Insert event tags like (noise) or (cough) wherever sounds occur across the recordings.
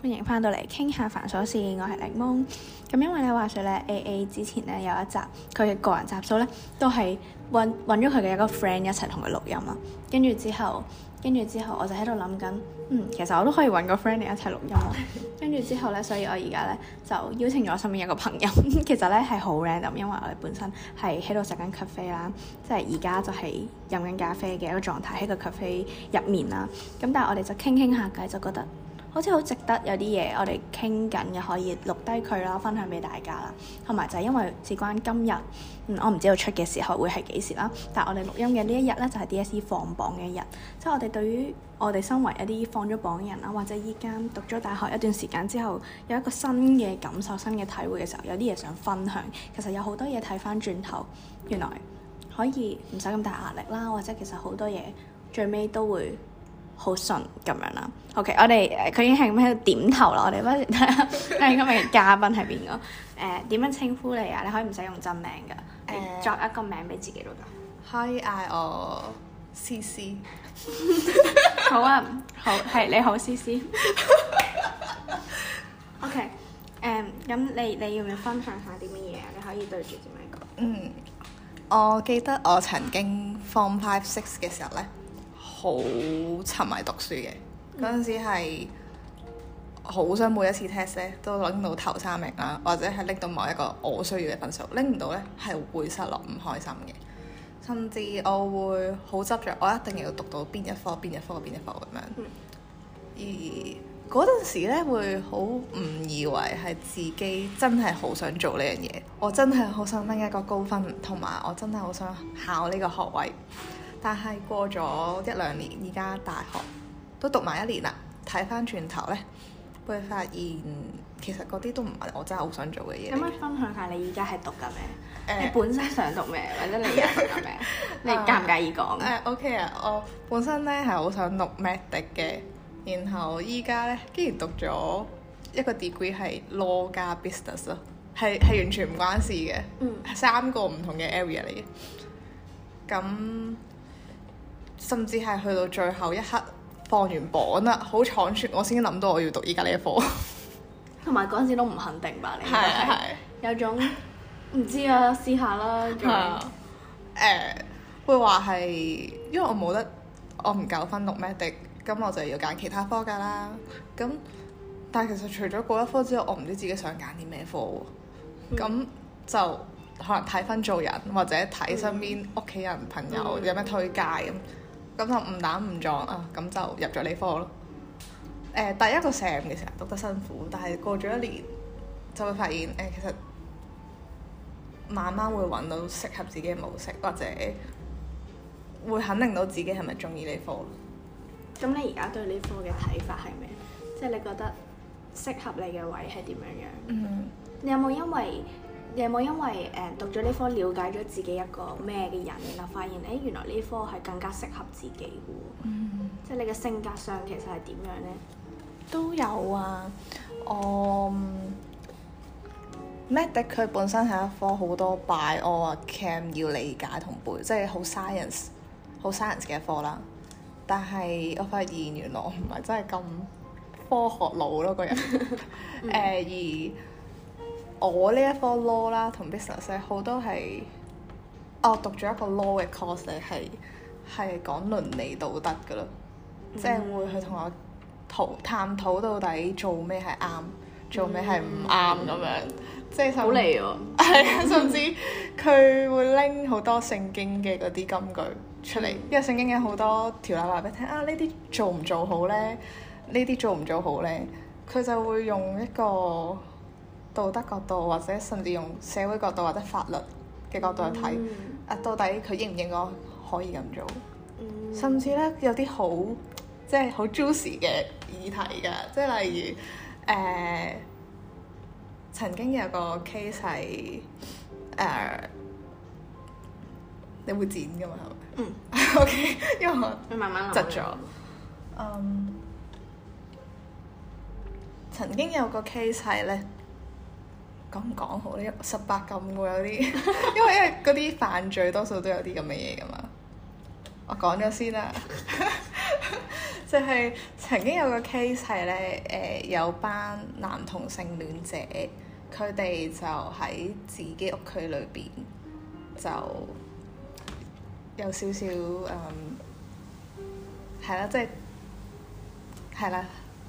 歡迎翻到嚟傾下煩瑣事，我係檸檬。咁因為咧話説咧 A A 之前咧有一集佢嘅個人集數咧，都係揾咗佢嘅一個 friend 一齊同佢錄音啊。跟住之後，跟住之後我就喺度諗緊，嗯，其實我都可以揾個 friend 嚟一齊錄音啊。跟住 (laughs) 之後咧，所以我而家咧就邀請咗身邊有個朋友， (laughs) 其實咧係好 random 咁，om，因為我哋本身係喺度食緊咖啡啦，即係而家就係飲緊咖啡嘅一個狀態喺個 cafe 入面啦。咁但係我哋就傾傾下偈，就覺得，好似好值得有啲嘢，我哋傾緊嘅可以錄低佢啦，分享俾大家啦。同埋就係因為事關今日，嗯，我唔知道出嘅時候會係幾時啦。但係我哋錄音嘅呢一日咧，就係 DSE 放榜嘅一日。即係我哋對於我哋身為一啲放咗榜嘅人啦，或者依家讀咗大學一段時間之後，有一個新嘅感受、新嘅體會嘅時候，有啲嘢想分享。其實有好多嘢睇翻轉頭，原來可以唔使咁大壓力啦，或者其實好多嘢最尾都會。好順咁樣啦，OK，我哋佢、呃、已經係咁喺度點頭啦。我哋不如睇下 (laughs) 今日嘅嘉賓係邊個？誒、呃、點樣稱呼你啊？你可以唔使用，用真名嘅，你作一個名俾自己都得、呃。可以嗌我 CC。好啊，好係 (laughs) 你好 CC。 (laughs) (laughs) OK，誒、呃、咁你你要唔要分享下啲乜嘢啊？你可以對住點樣講？嗯，我記得我曾經 form five six 嘅時候咧。好沉迷讀書嘅，嗰陣時係好想每一次 test 咧都拎到頭三名啦，或者係拎到某一個我需要嘅分數，拎唔到呢係會失落唔開心嘅，甚至我會好執着，我一定要讀到邊一科邊一科邊一科咁樣。嗯、而嗰陣時咧會好誤以為係自己真係好想做呢樣嘢，我真係好想拎一個高分，同埋我真係好想考呢個學位。但係過咗一兩年，依家大學都讀埋一年啦。睇翻轉頭咧，會發現其實嗰啲都唔係我真係好想做嘅嘢。咁樣分享下你依家係讀緊咩？呃、你本身想讀咩， (laughs) 或者你而家讀緊咩？ (laughs) 你介唔介意講？誒、呃呃、OK 啊，我本身咧係好想讀 medic 嘅，然後依家咧竟然讀咗一個 degree 係 law 加 business 啊，係係完全唔關事嘅，嗯、三個唔同嘅 area 嚟嘅，咁。甚至係去到最後一刻放完榜啦，好慘酸！我先諗到我要讀依家呢一科，同埋嗰陣時都唔肯定吧？你係係有種唔 (laughs) 知啊，試下啦。係 (laughs) 啊，誒會話係因為我冇得，我唔夠分讀 medic，咁我就要揀其他科㗎啦。咁但係其實除咗嗰一科之外，我唔知自己想揀啲咩科喎。咁、嗯、就可能睇分做人，或者睇身邊屋企人、嗯、朋友有咩推介咁。嗯咁就唔打唔撞啊！咁就入咗呢科咯。第一個成 e m 嘅時候讀得辛苦，但係過咗一年就會發現誒、呃，其實慢慢會揾到適合自己嘅模式，或者會肯定到自己係咪中意呢科。咁你而家對呢科嘅睇法係咩？即、就、係、是、你覺得適合你嘅位係點樣樣？嗯哼，你有冇因為？你有冇因為誒讀咗呢科，了解咗自己一個咩嘅人，然後發現誒、欸、原來呢科係更加適合自己嘅喎？Mm hmm. 即係你嘅性格上其實係點樣咧？都有啊，我 Medic 佢本身係一科好多 bio 啊 chem 要理解同背，即係好 science 好 science 嘅一科啦。但係我發現原來我唔係真係咁科學佬咯，個人、 (laughs) (laughs) 嗯，誒而。而我呢一科 law 啦同 business 好多係、哦，我讀咗一個 law 嘅 course 係係講倫理道德噶咯，嗯、即係會去同我討探討到底做咩係啱，做咩係唔啱咁樣，嗯、即係好離哦，啊，甚至佢 (laughs) (laughs) 會拎好多聖經嘅嗰啲金句出嚟，因為聖經有好多條例話俾你聽啊，呢啲做唔做好咧，呢啲做唔做好咧，佢就會用一個。道德角度，或者甚至用社會角度或者法律嘅角度去睇，mm hmm. 啊到底佢應唔應該可以咁做？Mm hmm. 甚至咧有啲好即係好 juicy 嘅議題㗎，即係例如誒曾經有個 case 係誒你會剪㗎嘛？係咪？嗯，OK，因為我你慢慢窒咗。曾經有個 case 係咧。呃咁講,講好呢，十八禁喎有啲， (laughs) 因為因為嗰啲犯罪多數都有啲咁嘅嘢噶嘛。我講咗先啦， (laughs) 就係曾經有個 case 係咧，誒、呃、有班男同性戀者，佢哋就喺自己屋企裏邊就有少少誒，係、嗯、啦，即係係啦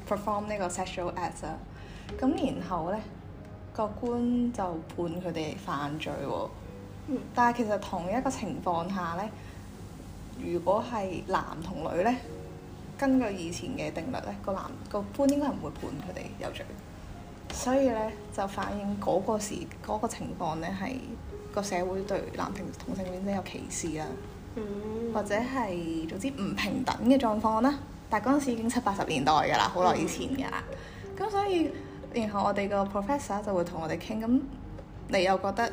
，perform 呢個 sexual act 啊，咁然後咧。個官就判佢哋犯罪喎、哦，但係其實同一個情況下呢，如果係男同女呢，根據以前嘅定律呢，個男、嗰個官應該係唔會判佢哋有罪，所以呢，就反映嗰個時、嗰個、情況呢，係個社會對男性同性戀者有歧視啊，或者係總之唔平等嘅狀況啦。但係嗰陣時已經七八十年代㗎啦，好耐以前㗎啦，咁所以。然後我哋個 professor 就會同我哋傾，咁，你又覺得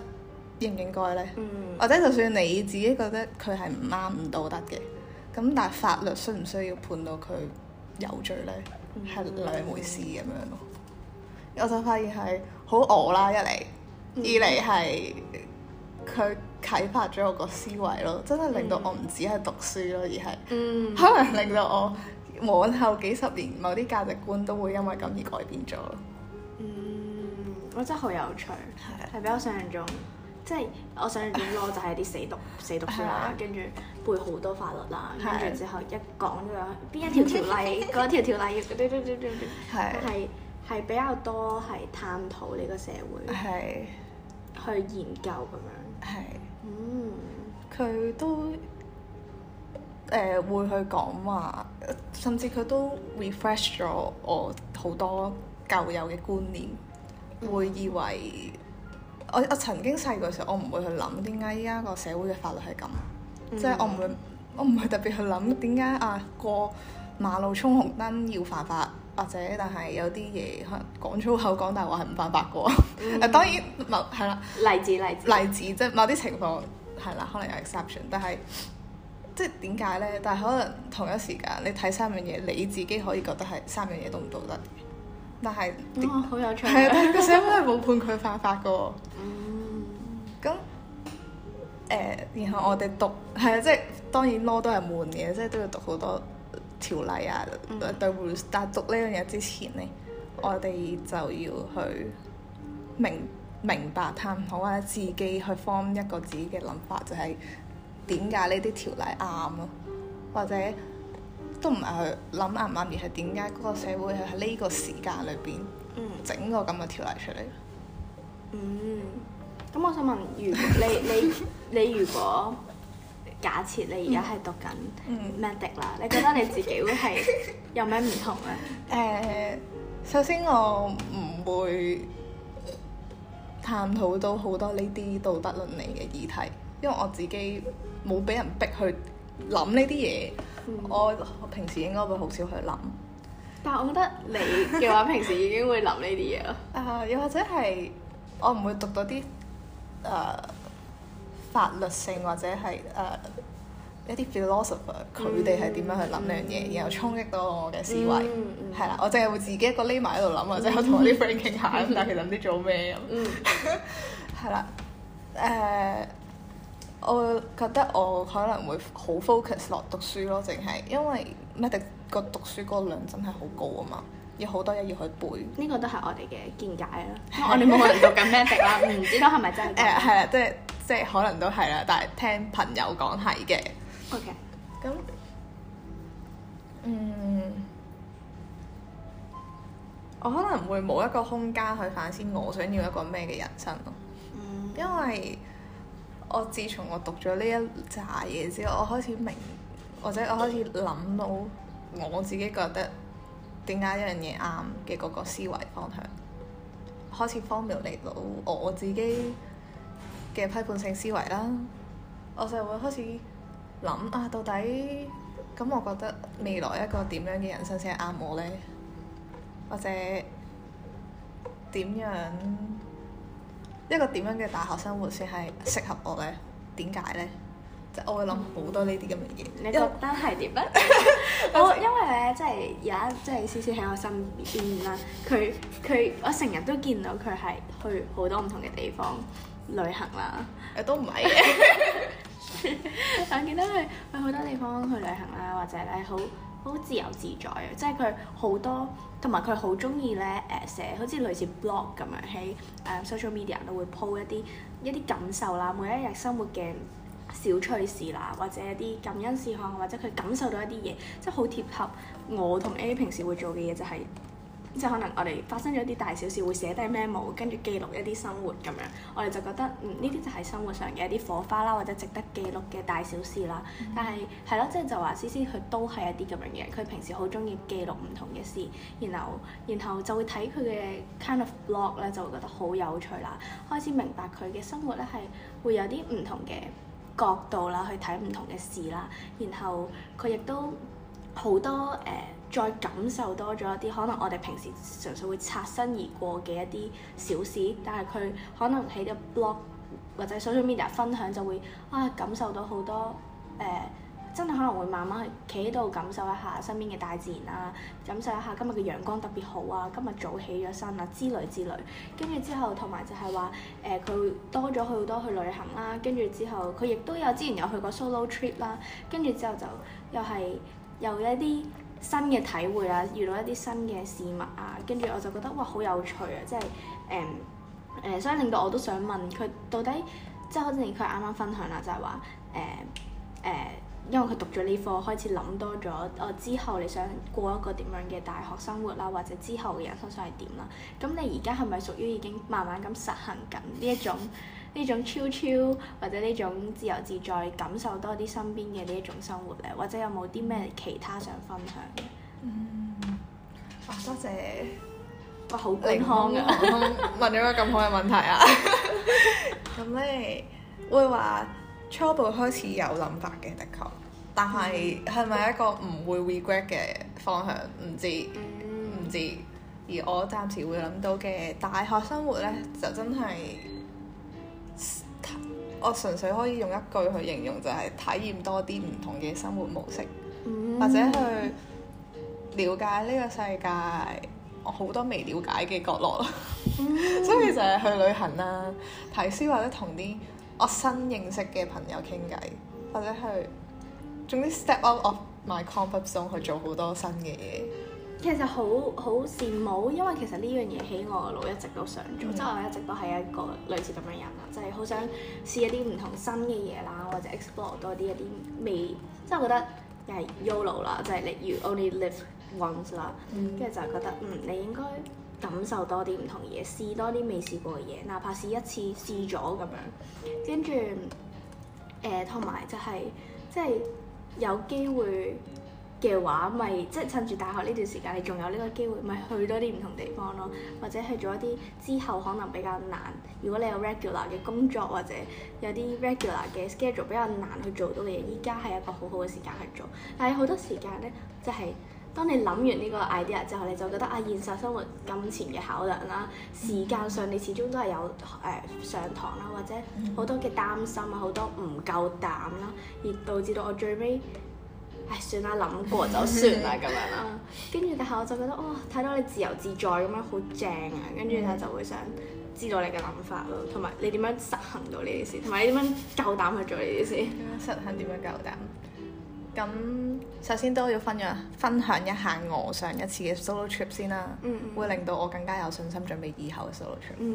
應唔應該呢？嗯、或者就算你自己覺得佢係唔啱、唔道德嘅，咁但係法律需唔需要判到佢有罪呢？係兩、嗯、回事咁樣咯。我就發現係好餓啦，一嚟、嗯、二嚟係佢啟發咗我個思維咯，真係令到我唔止係讀書咯，而係可能令到我往後幾十年某啲價值觀都會因為咁而改變咗。我 (noise) 真係好有趣，係比較想像中。即係我想像中咯，就係啲死讀死讀書啦，跟住背好多法律啦，跟住 (laughs) 之後一講咁樣，邊一條條例，嗰 (laughs) 條條例亦嘟嘟嘟嘟，係係係比較多係探討呢個社會，係去研究咁樣，係嗯佢都誒、呃、會去講話，甚至佢都 refresh 咗我好多舊有嘅觀念。會以為我我曾經細個時候，我唔會去諗點解依家個社會嘅法律係咁，即係、嗯、我唔會我唔會特別去諗點解啊過馬路衝紅燈要犯法，或者但係有啲嘢可能講粗口講大話係唔犯法嘅。誒、嗯、 (laughs) 當然某係啦，例子例子例子即係某啲情況係啦，可能有 exception，但係即係點解呢？但係可能同一時間你睇三樣嘢，你自己可以覺得係三樣嘢都唔道德。但係，好有趣、係啊、哦，但係個社會係冇判佢犯法噶。嗯，咁、呃、誒，然後我哋讀係啊、嗯，即係當然 law 都係悶嘅，即係都要讀好多條例啊、對、嗯、但係讀呢樣嘢之前咧，嗯、我哋就要去明明白探討啊，自己去 form 一個自己嘅諗法，就係點解呢啲條例啱囉，嗯、或者。都唔係去諗啱唔啱，而係點解嗰個社會係喺呢個時間裏邊，整個咁嘅條例出嚟、嗯。嗯、咁、嗯、我想問，如你你你如果假設你而家係讀緊 Medic 啦，你覺得你自己會係有咩唔同咧？誒、啊，首先我唔會探討到好多呢啲道德倫理嘅議題，因為我自己冇俾人逼去諗呢啲嘢。我平時應該會好少去諗，但係我覺得你嘅話平時已經會諗呢啲嘢咯。啊、 (laughs) 呃，又或者係我唔會讀到啲誒、呃、法律性或者係誒、呃、一啲 philosopher 佢哋係點樣去諗呢樣嘢，嗯嗯、然後衝擊到我嘅思維。係啦、嗯，我淨係會自己一個匿埋喺度諗，或者我同我啲 friend 傾下咁，但係其實諗啲做咩咁。嗯，係、嗯、啦，誒、 (laughs) 呃。我覺得我可能會好 focus 落讀書咯，淨係因為 Medic 個讀書嗰量真係好高啊嘛，要好多嘢要去背。呢個都係我哋嘅見解啦。 (laughs) 我哋冇人讀緊 Medic 啦，唔 (laughs) 知道係咪真。誒係啦，即係即係可能都係啦，但係聽朋友講係嘅。OK，咁，嗯，我可能會冇一個空間去反思我想要一個咩嘅人生咯。嗯。Mm. 因為。我自從我讀咗呢一紮嘢之後，我開始明，或者我開始諗到我自己覺得點解一樣嘢啱嘅嗰個思維方向，開始 formulate 到我自己嘅批判性思維啦，我就會開始諗啊，到底咁我覺得未來一個點樣嘅人生先係啱我呢？或者點樣？一個點樣嘅大學生活先係適合我咧？點解咧？即係我會諗好多呢啲咁嘅嘢。你覺得係點咧？ (laughs) 我 (laughs) 因為咧，即係有一即係 CC 喺我身邊啦。佢佢，我成日都見到佢係去好多唔同嘅地方旅行啦。誒，都唔係嘅。但見到佢去好多地方去旅行啦，或者咧，好好自由自在嘅，即係佢好多。同埋佢好中意咧，誒寫，好似類似 blog 咁樣，喺誒 social media 都會 po 一啲一啲感受啦，每一日生活嘅小趣事啦，或者一啲感恩事項，或者佢感受到一啲嘢，即係好貼合我同 A A 平時會做嘅嘢就係、是。即係可能我哋發生咗一啲大小事，會寫低 memo，跟住記錄一啲生活咁樣，我哋就覺得嗯，呢啲就係生活上嘅一啲火花啦，或者值得記錄嘅大小事啦。嗯、但係係咯，嗯、即係就話思思佢都係一啲咁樣嘢，佢平時好中意記錄唔同嘅事，然後然後就會睇佢嘅 kind of blog 咧，就會覺得好有趣啦，開始明白佢嘅生活咧係會有啲唔同嘅角度啦，去睇唔同嘅事啦。然後佢亦都好多誒。呃再感受多咗一啲，可能我哋平時純粹會擦身而過嘅一啲小事，但係佢可能喺個 blog 或者 social media 分享就會啊感受到好多誒、呃，真係可能會慢慢企喺度感受一下身邊嘅大自然啊，感受一下今日嘅陽光特別好啊，今日早起咗身啊之類之類，跟住之後同埋就係話誒佢多咗去好多去旅行啦。跟住之後佢亦都有之前有去過 solo trip 啦。跟住之後就又係又有一啲。新嘅體會啦、啊，遇到一啲新嘅事物啊，跟住我就覺得哇，好有趣啊！即係誒誒，所以令到我都想問佢到底，即係好似佢啱啱分享啦，就係話誒誒，因為佢讀咗呢科，開始諗多咗，我、哦、之後你想過一個點樣嘅大學生活啦、啊，或者之後嘅人生想係點啦？咁你而家係咪屬於已經慢慢咁實行緊呢一種？呢種 chill chill，或者呢種自由自在，感受多啲身邊嘅呢一種生活咧，或者有冇啲咩其他想分享嘅？嗯。哇，多謝。哇，好健康嘅， (laughs) 問咗個咁好嘅問題啊！咁咧，會話初步開始有諗法嘅，的確。但係係咪一個唔會 regret 嘅方向？唔知，唔、嗯、知。而我暫時會諗到嘅大學生活咧，就真係～我純粹可以用一句去形容，就係、是、體驗多啲唔同嘅生活模式，嗯、或者去了解呢個世界我好多未了解嘅角落咯。嗯、 (laughs) 所以就係去旅行啦、啊，睇書或者同啲我新認識嘅朋友傾偈，或者去總之 step out of my comfort zone 去做好多新嘅嘢。其實好好羨慕，因為其實呢樣嘢喺我腦一直都想做，即係、mm hmm. 我一直都係一個類似咁樣人啦，就係、是、好想試一啲唔同新嘅嘢啦，或者 explore 多啲一啲未。即、就、係、是、我覺得又係 YOLO 啦，即係、就是、你 you only live once 啦，跟住、mm hmm. 就覺得嗯你應該感受多啲唔同嘢，試多啲未試過嘅嘢，哪怕試一次試咗咁樣，跟住誒同埋就係即係有機會，嘅話，咪即係趁住大學呢段時間，你仲有呢個機會，咪去多啲唔同地方咯，或者去做一啲之後可能比較難，如果你有 regular 嘅工作或者有啲 regular 嘅 schedule 比較難去做到嘅嘢，依家係一個好好嘅時間去做。但係好多時間呢，即係當你諗完呢個 idea 之後，你就覺得啊，現實生活金錢嘅考量啦，時間上你始終都係有誒上堂啦，或者好多嘅擔心啊，好多唔夠膽啦，而導致到我最尾。唉，算啦，諗過就算啦咁樣啦。跟住，但係我就覺得哇，睇、哦、到你自由自在咁樣好正啊！跟住，但就會想知道你嘅諗法咯，同埋你點樣實行到呢啲事，同埋你點樣夠膽去做呢啲事？實行點樣夠膽？咁、嗯、首先都要分一分享一下我上一次嘅 Solo Trip 先啦。嗯，嗯。會令到我更加有信心準備以後嘅 Solo Trip。嗯。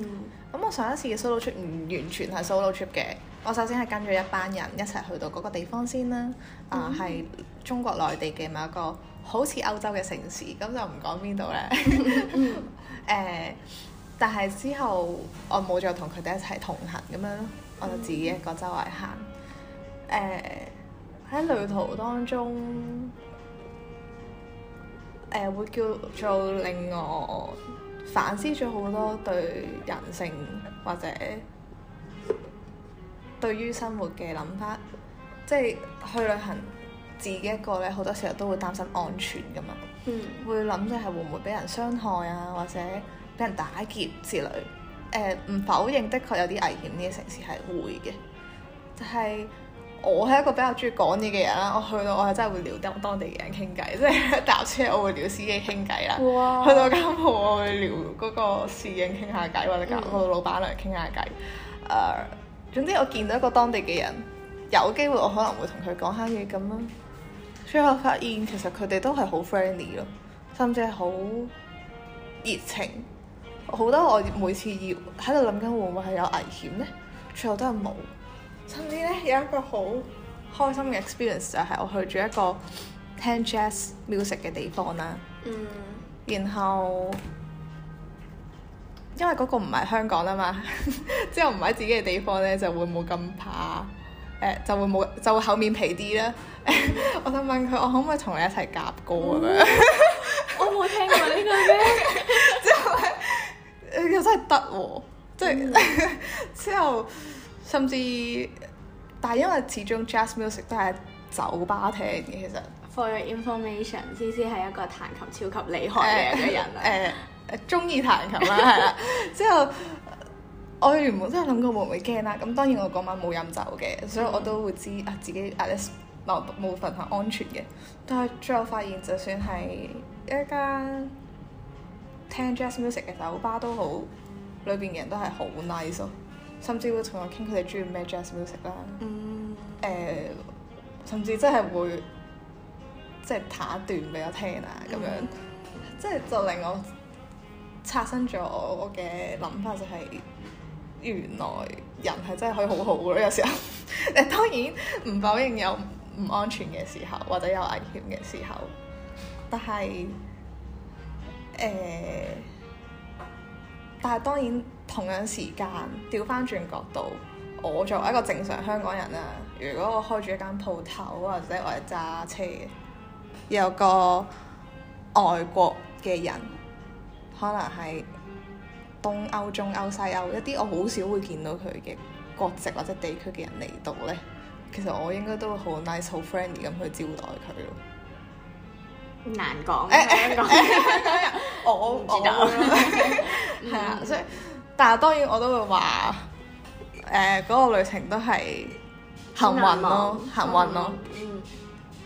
咁我上一次嘅 Solo Trip 唔完全係 Solo Trip 嘅，我首先係跟住一班人一齊去到嗰個地方先啦。啊、嗯，係、嗯。中國內地嘅某一個好似歐洲嘅城市，咁就唔講邊度咧。誒、 (laughs) 呃，但係之後我冇再同佢哋一齊同行咁樣咯，我就自己一個周圍行。誒、呃，喺旅途當中，誒、呃、會叫做令我反思咗好多對人性或者對於生活嘅諗法，即係去旅行。自己一個咧，好多時候都會擔心安全噶嘛，嗯、會諗即係會唔會俾人傷害啊，或者俾人打劫之類。誒、呃，唔否認，的確有啲危險。呢個城市係會嘅，就係、是、我係一個比較中意講嘢嘅人啦。我去到我係真係會撩啲當地嘅人傾偈，即係搭車我會撩司機傾偈啦，哇去到間鋪我會撩嗰個侍應傾下偈，或者撩嗰個老闆娘傾下偈。誒、嗯，uh, 總之我見到一個當地嘅人，有機會我可能會同佢講下嘢咁啦。最後發現其實佢哋都係好 friendly 咯，甚至係好熱情。好多我每次要喺度諗緊會唔會係有危險呢？最後都係冇。甚至咧有一個好開心嘅 experience 就係我去咗一個聽 jazz music 嘅地方啦。嗯。然後因為嗰個唔係香港啊嘛， (laughs) 之後唔喺自己嘅地方呢，就會冇咁怕。誒、欸、就會冇就會厚面皮啲啦。誒， (laughs) (laughs) 我就問佢，我可唔可以同你一齊夾歌咁樣？ (laughs) 我冇聽過呢句咩？ (laughs) 之後咧，誒又真係得喎，即係、 (laughs) 嗯、之後，甚至，但係因為始終 Jazz Music 都係酒吧聽嘅，其實。For your information，CC 係 (laughs) 一個彈琴超級厲害嘅一個人。誒誒、欸，中、欸、意彈琴啦，係啦， (laughs) 之後。我原本真係諗過會唔會驚啦，咁當然我嗰晚冇飲酒嘅，所以我都會知啊自己 at least 某部分係安全嘅。但係最後發現，就算係一間聽 jazz music 嘅酒吧都好，裏邊嘅人都係好 nice 咯，甚至會同我傾佢哋中意咩 jazz music 啦。嗯。誒、呃，甚至真係會即係彈一段俾我聽啊，咁、嗯、樣即係就令我刷新咗我嘅諗法、就係，就係。原來人係真係可以好好嘅，有時候。誒 (laughs) 當然唔否認有唔安全嘅時候，或者有危險嘅時候。但係誒、呃，但係當然同樣時間調翻轉角度，我作為一個正常香港人啦，如果我開住一間鋪頭或者我係揸車，有個外國嘅人，可能係。東歐、中歐、西歐，一啲我好少會見到佢嘅國籍或者地區嘅人嚟到呢。其實我應該都會好 nice、好 friendly 咁去招待佢咯。難講，誒誒，我我係啊，所以，但係當然我都會話，誒嗰個旅程都係幸運咯，幸運咯，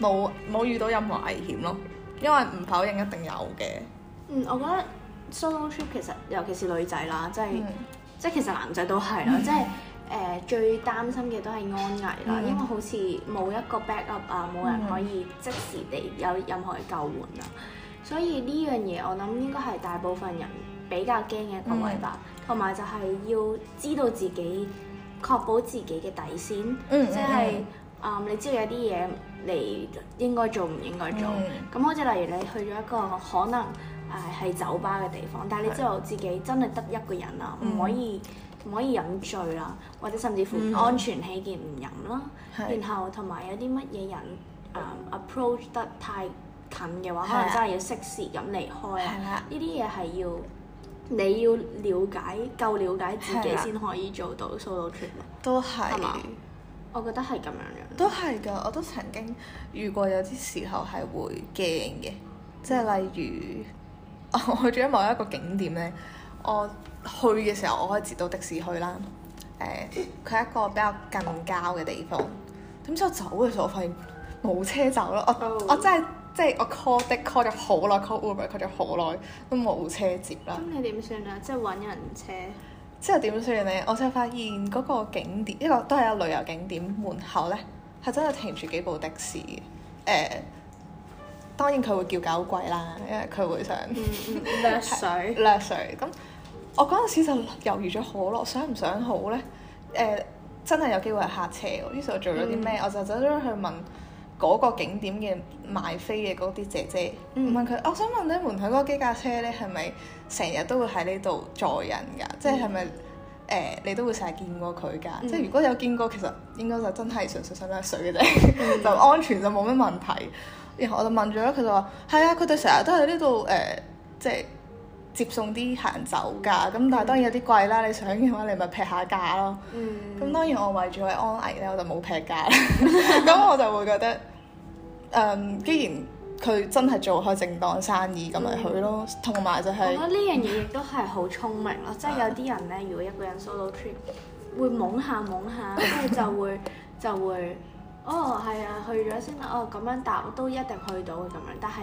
冇冇遇到任何危險咯，因為唔否認一定有嘅。嗯，我覺得。Solo trip 其實尤其是女仔啦，即係、mm. 即係其實男仔都係啦，mm. 即係誒、呃、最擔心嘅都係安危啦，mm. 因為好似冇一個 backup 啊，冇人可以即時地有任何嘅救援啊，mm. 所以呢樣嘢我諗應該係大部分人比較驚嘅一個位吧，同埋、mm. 就係要知道自己確保自己嘅底線，即係啊你知道有啲嘢你應該做唔應該做，咁好似例如你去咗一個可能。誒係酒吧嘅地方，但係你知道自己真係得一個人啊，唔的可以唔可以飲醉啦，或者甚至乎安全起見唔飲啦。的然後同埋有啲乜嘢人、um, approach 得太近嘅話，的可能真係要適時咁離開啊。呢啲嘢係要你要了解夠了解自己先可以做到 solo trip 都係是，我覺得係咁樣樣。都係㗎，我都曾經遇過有啲時候係會驚嘅，即係例如。 (laughs) 我去咗某一個景點咧，我去嘅時候我可以截到的士去啦。誒、呃，佢係一個比較近郊嘅地方。點知我走嘅時候，我發現冇車走咯。我、oh. 我真係即係我 call 的 call 咗好耐，call Uber call 咗好耐都冇車接啦。咁你點算啊？即係揾人車？之後點算咧？我就發現嗰個景點，呢個都係有旅遊景點門口咧，係真係停住幾部的士嘅。呃當然佢會叫狗貴啦，因為佢會想掠水、嗯、掠水。咁 (laughs) 我嗰陣時就猶豫咗好耐，想唔想好咧？誒、呃，真係有機會係客車。於是，我做咗啲咩？嗯、我就走咗去問嗰個景點嘅賣飛嘅嗰啲姐姐，嗯、問佢：我想問咧，門口嗰幾架車咧，係咪成日都會喺呢度載人㗎？即係係咪誒？你都會成日見過佢㗎？嗯、即係如果有見過，其實應該就真係純粹想掠水嘅啫，嗯、 (laughs) 就安全就冇咩問題。然後我就問咗佢就話係啊，佢哋成日都喺呢度誒，即係接送啲客人走㗎。咁但係當然有啲貴啦，你想嘅話你咪劈下價咯。咁當然我為住佢安危咧，我就冇劈價。咁我就會覺得誒，既然佢真係做開正當生意，咁咪去咯。同埋就係我覺得呢樣嘢亦都係好聰明咯，即係有啲人咧，如果一個人 solo trip 會懵下懵下，跟住就會就會。哦，係啊，去咗先啦。哦，咁樣答都一定去到咁樣，但係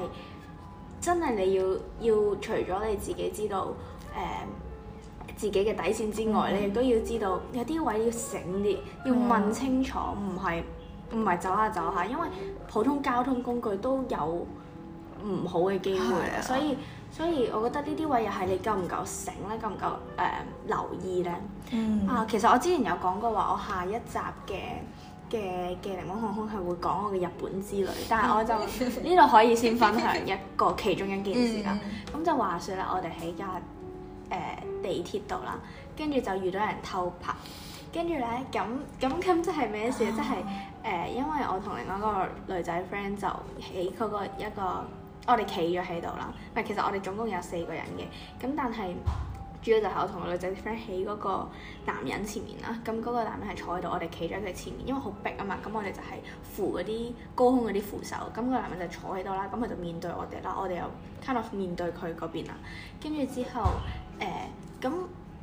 真係你要要除咗你自己知道誒、呃、自己嘅底線之外咧，亦都、mm hmm. 要知道有啲位要醒啲，要問清楚，唔係唔係走下走下，因為普通交通工具都有唔好嘅機會啊、mm hmm.。所以所以，我覺得呢啲位又係你夠唔夠醒咧，夠唔夠誒、呃、留意咧。Mm hmm. 啊，其實我之前有講過話，我下一集嘅。嘅嘅檸檬航空係會講我嘅日本之旅，但係我就呢度 (laughs) 可以先分享一個其中一件事啦。咁、 (laughs) 嗯、就話説啦，我哋喺架誒地鐵度啦，跟住就遇到人偷拍，跟住咧，咁咁咁即係咩事？即係誒，因為我同另外一個女仔 friend 就喺嗰個一個，我哋企咗喺度啦。唔係，其實我哋總共有四個人嘅，咁但係。主要就係我同個女仔 friend 喺嗰個男人前面啦，咁嗰個男人係坐喺度，我哋企咗佢前面，因為好逼啊嘛，咁我哋就係扶嗰啲高空嗰啲扶手，咁個男人就坐喺度啦，咁佢就面對我哋啦，我哋又 kind of 面對佢嗰邊啦，跟住之後誒，咁、呃、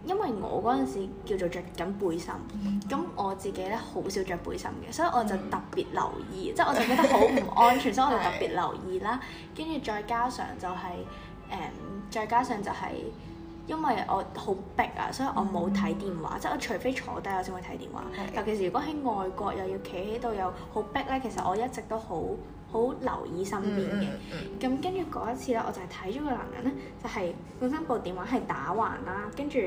因為我嗰陣時叫做着緊背心，咁、mm hmm. 我自己咧好少着背心嘅，所以我就特別留意，mm hmm. 即係我就覺得好唔安全， (laughs) 所以我就特別留意啦，跟住再加上就係、是、誒、嗯，再加上就係、是。因為我好逼啊，所以我冇睇電話，嗯、即係我除非坐低我先會睇電話。嗯、尤其是如果喺外國又要企喺度又好逼咧，其實我一直都好好留意身邊嘅。咁跟住嗰一次咧，我就係睇咗個男人咧，就係、是、本身部電話係打橫啦，跟住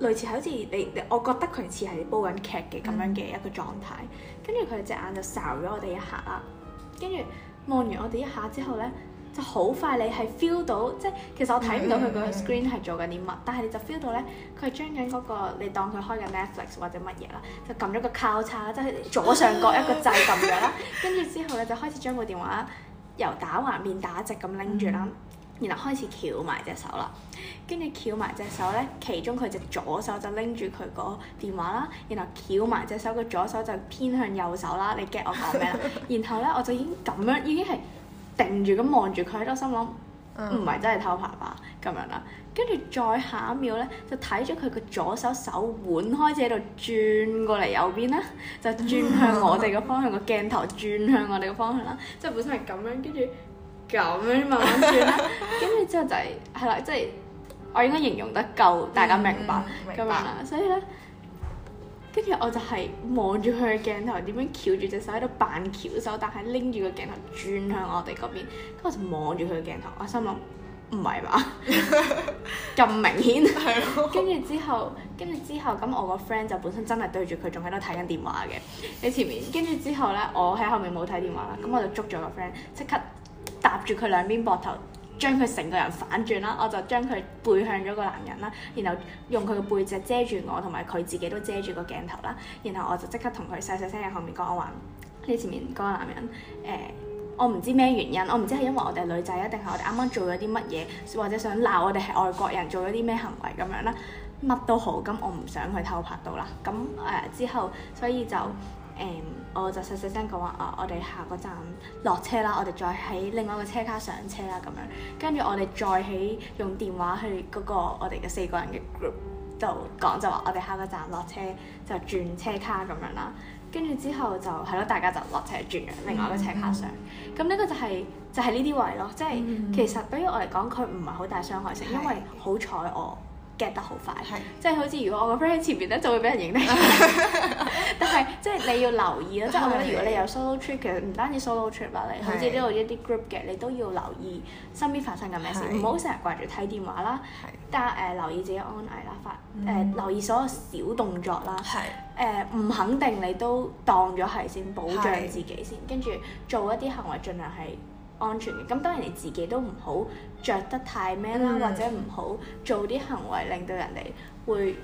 類似好似你，我覺得佢似係煲緊劇嘅咁樣嘅一個狀態。跟住佢隻眼就睄咗我哋一下啦，跟住望完我哋一下之後咧。就好快你係 feel 到，即係其實我睇唔到佢個 screen 係做緊啲乜， (music) 但係你就 feel 到咧，佢係將緊、那、嗰個你當佢開緊 Netflix 或者乜嘢啦，就撳咗個交叉，即、就、係、是、左上角一個掣撳咗啦，跟住 (laughs) 之後咧就開始將部電話由打橫面打直咁拎住啦， (music) 然後開始翹埋隻手啦，跟住翹埋隻手咧，其中佢隻左手就拎住佢個電話啦，然後翹埋隻手嘅左，左手就偏向右手啦，你 get 我講咩？ (laughs) 然後咧我就已經咁樣已經係。定住咁望住佢喺度，心諗唔係真係偷拍吧咁樣啦。跟住再下一秒咧，就睇咗佢個左手手腕開始喺度轉過嚟右邊啦，就轉向我哋嘅方向，個 (laughs) 鏡頭轉向我哋嘅方向啦。即係本身係咁樣，跟住咁樣慢慢轉啦。跟住之後就係係啦，即係、就是、我應該形容得夠大家明白咁、嗯、樣啦。所以咧。跟住我就係望住佢嘅鏡頭，點樣翹住隻手喺度扮翹手，但係拎住個鏡頭轉向我哋嗰邊。跟住我就望住佢嘅鏡頭，我心諗唔係嘛，咁 (laughs) 明顯。跟住 (laughs) 是的 之後，跟住之後，咁我個 friend 就本身真係對住佢，仲喺度睇緊電話嘅喺前面。跟住之後呢，我喺後面冇睇電話啦。咁我就捉咗個 friend，即刻搭住佢兩邊膊頭。將佢成個人反轉啦，我就將佢背向咗個男人啦，然後用佢個背脊遮住我，同埋佢自己都遮住個鏡頭啦，然後我就即刻同佢細細聲喺後面講話：話你前面嗰個男人，誒、呃，我唔知咩原因，我唔知係因為我哋女仔啊，定係我哋啱啱做咗啲乜嘢，或者想鬧我哋係外國人做咗啲咩行為咁樣啦，乜都好，咁我唔想去偷拍到啦，咁誒、呃、之後，所以就誒。呃我就細細聲講話，啊！我哋下個站落車啦，我哋再喺另外一個車卡上車啦，咁樣跟住我哋再喺用電話去嗰個我哋嘅四個人嘅 group 度講，就話我哋下個站落車就轉車卡咁樣啦。跟住之後就係咯，大家就落車轉咗另外一個車卡上。咁呢、mm hmm. 個就係、是、就係呢啲位咯，即係、mm hmm. 其實對於我嚟講，佢唔係好大傷害性，mm hmm. 因為是好彩我得好快，是即係好似如果我個 friend 喺前面咧就會俾人影低， (laughs) 但係即係你要留意啦， (laughs) 即係我覺得如果你有 solo trip 嘅，唔是單止 solo trip 啦，你好似呢度一啲 group 嘅，你都要留意身邊發生緊咩事，唔好成日掛住睇電話啦，但誒是、呃、留意自己安危啦，發誒、嗯呃、留意所有小動作啦，誒唔是、呃、肯定你都當咗係先，保障自己先，是跟住做一啲行為盡，儘量係。安全嘅，咁當然你自己都唔好着得太咩啦、mm，hmm. 或者唔好做啲行為令到人哋會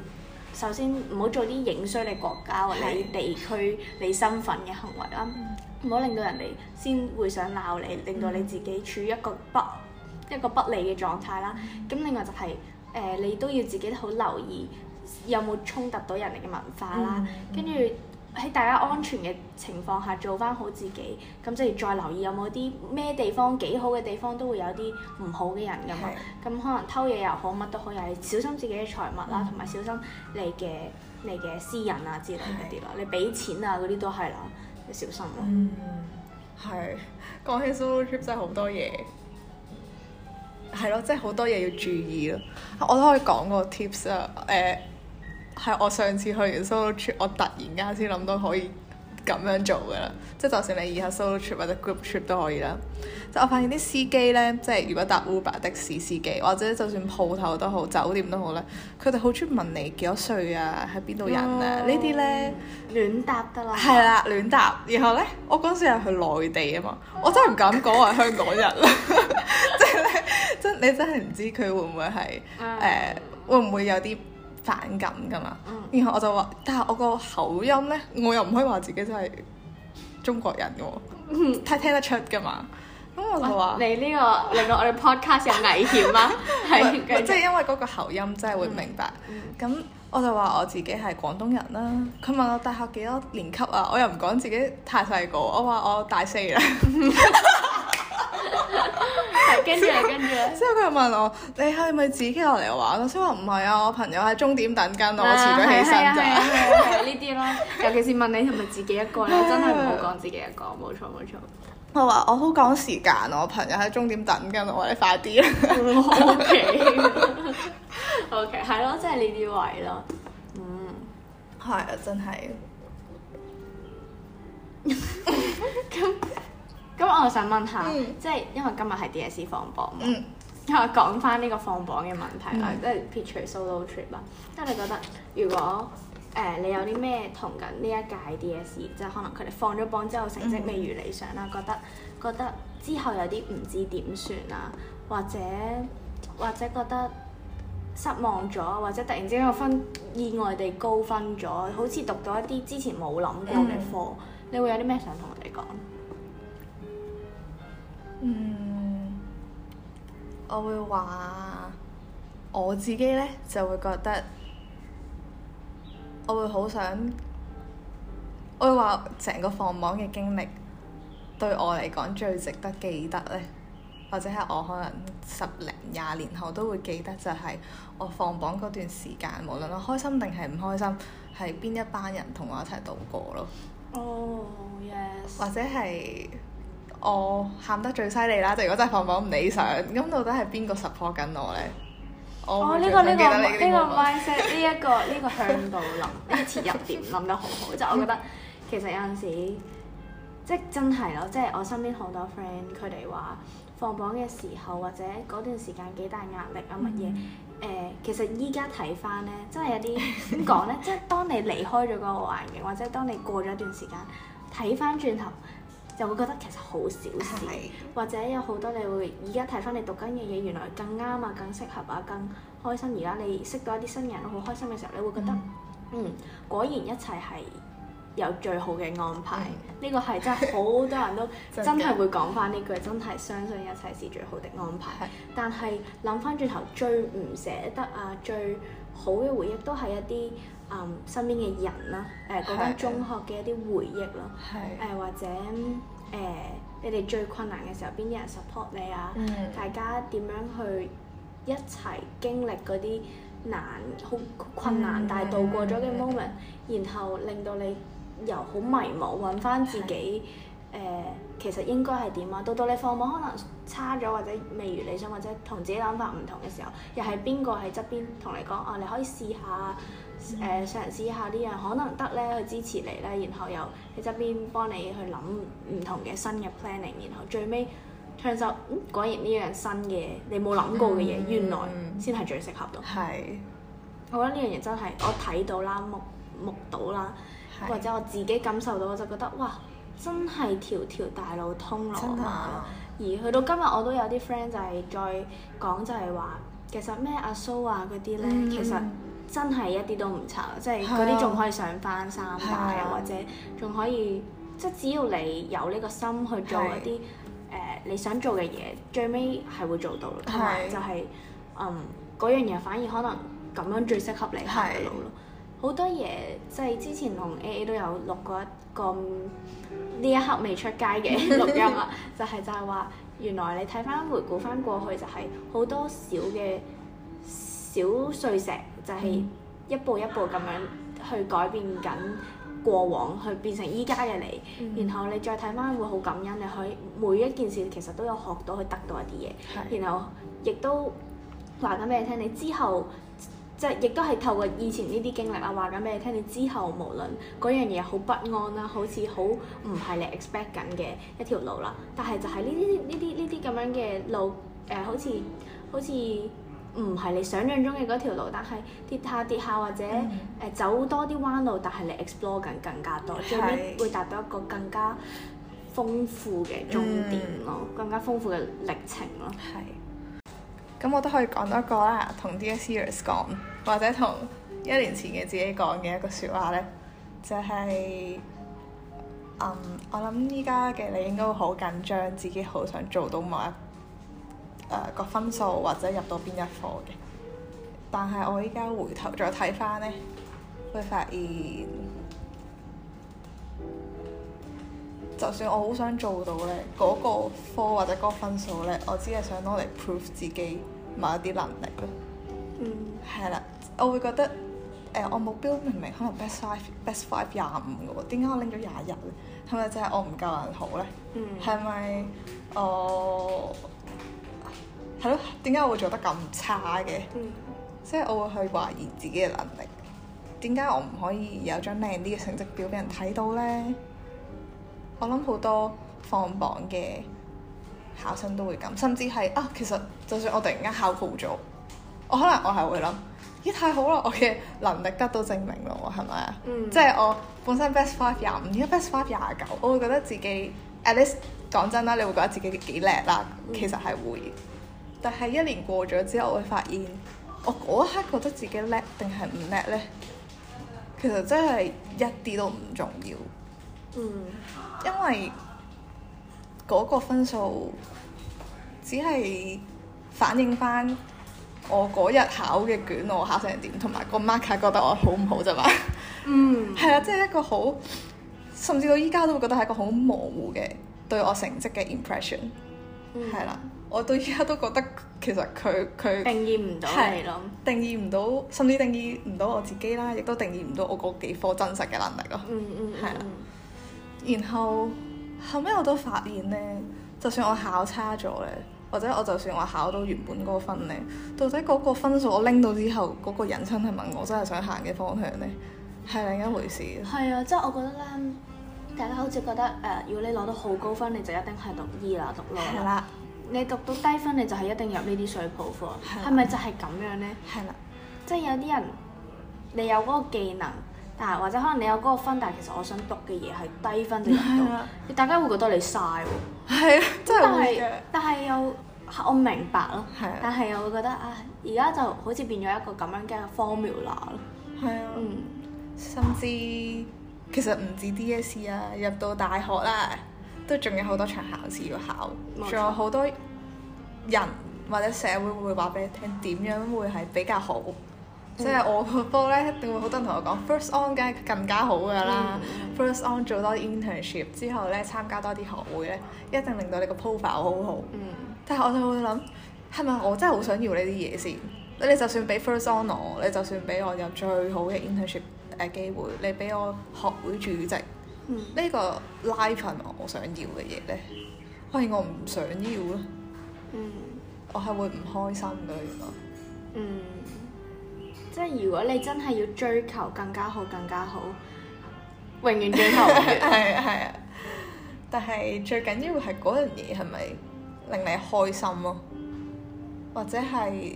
首先唔好做啲影衰你國家或者地區你身份嘅行為啦，唔好、mm hmm. 啊、令到人哋先會想鬧你，令到你自己處於一個不、mm hmm. 一個不利嘅狀態啦。咁、mm hmm. 另外就係、是、誒、呃，你都要自己好留意有冇衝突到人哋嘅文化啦，跟住。喺大家安全嘅情況下做翻好自己，咁即係再留意有冇啲咩地方，幾好嘅地方都會有啲唔好嘅人噶，咁是的 可能偷嘢又好，乜都好，又係小心自己嘅財物啦，同埋、嗯、小心你嘅你嘅私人啊之類嗰啲咯，是的 你俾錢啊嗰啲都係啦，要小心咯。嗯，係講起 Solo Trip 真係好多嘢，係咯，即係好多嘢要注意咯。我都可以講個 tips 啊，誒、呃。係我上次去完 solo trip，我突然間先諗到可以咁樣做噶啦，即係就算你以後 solo trip 或者 group trip 都可以啦。即我發現啲司機咧，即係如果搭 Uber 的士司機，或者就算鋪頭都好、酒店都好咧，佢哋好中意問你幾多歲啊，喺邊度人啊？Oh, 呢啲咧亂搭得啦。係啦，亂搭。然後咧，我嗰陣時係去內地啊嘛，我真係唔敢講我係香港人啦。即係咧，真你真係唔知佢會唔會係誒、oh. 呃，會唔會有啲？反感噶嘛，嗯、然後我就話，但係我個口音呢，我又唔可以話自己真係中國人嘅喎，太、嗯、聽得出噶嘛，咁、嗯、我就話、啊、你呢個令到我哋 podcast 有危險啊，係，即係因為嗰個口音真係會明白，咁、嗯、我就話我自己係廣東人啦、啊，佢、嗯嗯、問我大學幾多年級啊，我又唔講自己太細個，我話我大四啦。 (laughs) (laughs) 跟住、啊，跟住、啊， (laughs) 之後佢又問我：你係咪自己落嚟玩？我先話唔係啊，我朋友喺終點等緊我，啊、我遲咗起身㗎、啊。係呢啲咯。尤其是問你係咪自己一個咧，真係唔好講自己一個。冇錯冇錯。錯我話我好趕時間，我朋友喺終點等緊我，你快啲啊！OK，OK，係咯，即係呢啲位咯。嗯，係啊，真係。 (laughs) (laughs) 咁我想問下，嗯、即係因為今日係 DSE 放榜嘛，咁、嗯、我講翻呢個放榜嘅問題啦，嗯、即係 picture solo trip 啦。即係你覺得，如果誒、呃、你有啲咩同緊呢一屆 DSE，即係可能佢哋放咗榜之後成績未如理想啦，嗯、覺得覺得之後有啲唔知點算啊，或者或者覺得失望咗，或者突然之間有分意外地高分咗，好似讀到一啲之前冇諗過嘅課，嗯、你會有啲咩想同我哋講？嗯，我會話我自己呢，就會覺得，我會好想，我會話成個放榜嘅經歷對我嚟講最值得記得呢，或者係我可能十零廿年後都會記得就係我放榜嗰段時間，無論我開心定係唔開心，係邊一班人同我一齊度過咯。哦，yes。或者係。我喊、oh, 得最犀利啦！就如果真係放榜唔理想，咁到底係邊個 support 緊我咧？哦，呢、這個呢、這個呢、這個 mindset 呢一個呢 (laughs) 個向度諗呢個切入點諗得好好，就 (laughs) 我覺得其實有陣時即係真係咯，即係我身邊好多 friend 佢哋話放榜嘅時候或者嗰段時間幾大壓力啊乜嘢誒，其實依家睇翻咧，真係有啲點講咧，即係 (laughs) 當你離開咗個環境或者當你過咗一段時間睇翻轉頭。就會覺得其實好小事，的或者有好多你會而家睇翻你讀緊嘅嘢，原來更啱啊，更適合啊，更開心。而家你識到一啲新人，好開心嘅時候，你會覺得，嗯，嗯，果然一切係有最好嘅安排。呢、嗯、個係真係好多人都 (laughs) 真係的會講翻呢句，真係相信一切是最好的安排。的但係諗翻轉頭，最唔捨得啊，最好嘅回憶都係一啲。Um, 身邊嘅人啦，誒、呃、嗰間中學嘅一啲回憶咯，誒的、呃、或者誒、呃、你哋最困難嘅時候，邊啲人 support 你啊？Mm hmm. 大家點樣去一齊經歷嗰啲難好困難，但係、mm hmm. 度過咗嘅 moment，然後令到你由好迷茫揾翻自己，誒、mm hmm. 呃、其實應該係點啊？到到你放榜可能差咗或者未如理想，或者同自己諗法唔同嘅時候，又係邊個喺側邊同你講啊？你可以試下誒嘗、嗯呃、試下呢、這、樣、個、可能得咧，去支持你咧，然後又喺側邊幫你去諗唔同嘅新嘅 planning，然後最尾唱首嗯果然呢樣新嘅你冇諗過嘅嘢，嗯、原來先係最適合到。係是。我覺得呢樣嘢真係我睇到啦、目目睹啦，是或者我自己感受到，我就覺得哇，真係條條大路通羅馬。的而去到今日，我都有啲 friend 就係再講就係話，其實咩阿蘇啊嗰啲咧，呢其實、嗯。其實真係一啲都唔差，即係嗰啲仲可以上翻三百啊， (noise) 或者仲可以即係、就是、只要你有呢個心去做一啲誒的、呃、你想做嘅嘢，最尾係會做到。同埋的就係、是、嗯嗰樣嘢反而可能咁樣最適合你行嘅路咯。好的多嘢即係之前同 A A 都有錄過一個呢一刻未出街嘅錄音啊， (laughs) 就係就係話原來你睇翻回顧翻過去，就係好多小嘅小碎石。就係一步一步咁樣去改變緊過往，去變成依家嘅你。 (noise) 然後你再睇翻，會好感恩。你可以每一件事其實都有學到，去得到一啲嘢。 (noise) 然後亦都話緊俾你聽，你之後即係亦都係透過以前呢啲經歷啦，話緊俾你聽，你之後無論嗰樣嘢好不安啦，好似好唔係你 expect 緊嘅一條路啦。但係就係呢啲呢啲呢啲咁樣嘅路誒、呃，好似好似。唔係你想象中嘅嗰條路，但係跌下跌下或者誒、嗯、走多啲彎路，但係你 explore 緊更加多，最尾是會達到一個更加豐富嘅終點咯，嗯、更加豐富嘅歷程咯。係咁是我都可以講多一個啦，同 DSE 生講，或者同一年前嘅自己講嘅一個說話咧，就係、是、嗯，我諗依家嘅你應該會好緊張，自己好想做到某一。誒、呃、個分數或者入到邊一科嘅，但係我依家回頭再睇翻咧，會發現，就算我好想做到咧，嗰、那個科或者嗰個分數咧，我只係想攞嚟 prove 自己某一啲能力咯。嗯，係啦，我會覺得誒、呃，我目標明明可能 best five best five 廿五㗎喎，點解我拎咗廿一咧？係咪真係我唔夠人好咧？嗯，係咪哦。呃係咯，點解我會做得咁差嘅？嗯、即係我會去懷疑自己嘅能力。點解我唔可以有張靚啲嘅成績表俾人睇到咧？我諗好多放榜嘅考生都會咁，甚至係啊。其實就算我突然間考好咗，我可能我係會諗咦、欸，太好啦！我嘅能力得到證明啦，喎係咪啊？嗯、即係我本身 best five 廿五，而家 best five 廿九，我會覺得自己、嗯、at least 講真啦，你會覺得自己幾叻啦。嗯、其實係會。但係一年過咗之後，我會發現，我嗰一刻覺得自己叻定係唔叻呢？其實真係一啲都唔重要。嗯，因為嗰個分數只係反映翻我嗰日考嘅卷，我考成點，同埋個 marker 覺得我好唔好啫嘛。 (laughs) 嗯，係啊，即係一個好，甚至到依家都會覺得係一個好模糊嘅對我成績嘅 impression。係啦、嗯。我到依家都覺得其實佢佢定義唔到，係咯，定義唔到，甚至定義唔到我自己啦，亦都定義唔到我嗰幾科真實嘅能力咯、嗯。嗯嗯，係啦。然後後尾我都發現呢，就算我考差咗呢，或者我就算我考到原本嗰分呢，到底嗰個分數我拎到之後，嗰、那個人生係咪我真係想行嘅方向呢？係另一回事。係啊，即係我覺得呢，大家好似覺得誒、呃，如果你攞到好高分，你就一定係讀醫啦、讀 law 啦。你讀到低分你就係一定入呢啲水泡課，係咪的就係咁樣呢？係啦的，即係有啲人你有嗰個技能，但係或者可能你有嗰個分，但係其實我想讀嘅嘢係低分就入到，的大家會覺得你嘥喎。係啊，真係。但係，但係又我明白咯，的但係又會覺得啊，而家就好似變咗一個咁樣嘅 formula 咯。係啊的，嗯，甚至其實唔止 DSE 啊，入到大學啦。都仲有好多場考試要考，仲錯有好多人或者社會會話俾你聽點樣會係比較好，嗯、即係我個科咧一定會好多人同我講 (noise) ，first on 梗係更加好㗎啦、嗯、，first on 做多啲 internship 之後咧參加多啲學會咧，一定令到你個 profile 好好。嗯，但係我就會諗係咪我真係好想要呢啲嘢先？你你就算俾 first on 我，你就算俾我有最好嘅 internship 誒、呃、機會，你俾我學會主席。呢、嗯、個 Live 係我想要嘅嘢咧，反、哎、而我唔想要咯。嗯，我係會唔開心噶。有有嗯，即係如果你真係要追求更加好、更加好，永遠追求係係啊。但係最緊要係嗰樣嘢係咪令你開心咯？或者係，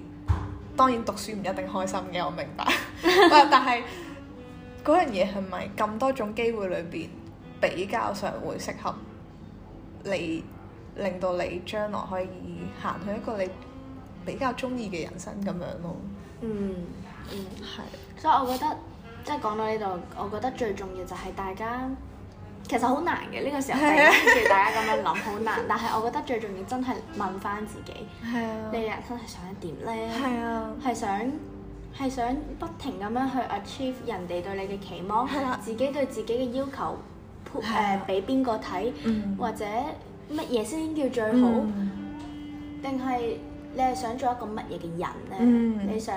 當然讀書唔一定開心嘅，我明白。 (laughs) (laughs) (laughs) 但係嗰樣嘢係咪咁多種機會裏邊？比較上會適合你，令到你將來可以行去一個你比較中意嘅人生咁樣咯。嗯，嗯，係是。所以我覺得，即係講到呢度，我覺得最重要就係大家，其實好難嘅呢、這個時候，跟住大家咁樣諗，好 (laughs) 難。但係我覺得最重要真係問翻自己， (laughs) 你人生係想一點呢？係啊， (laughs) 係想係想不停咁樣去 achieve 人哋對你嘅期望， (laughs) 自己對自己嘅要求。誒俾邊個睇？呃嗯、或者乜嘢先叫最好？定係、嗯、你係想做一個乜嘢嘅人呢？嗯、你想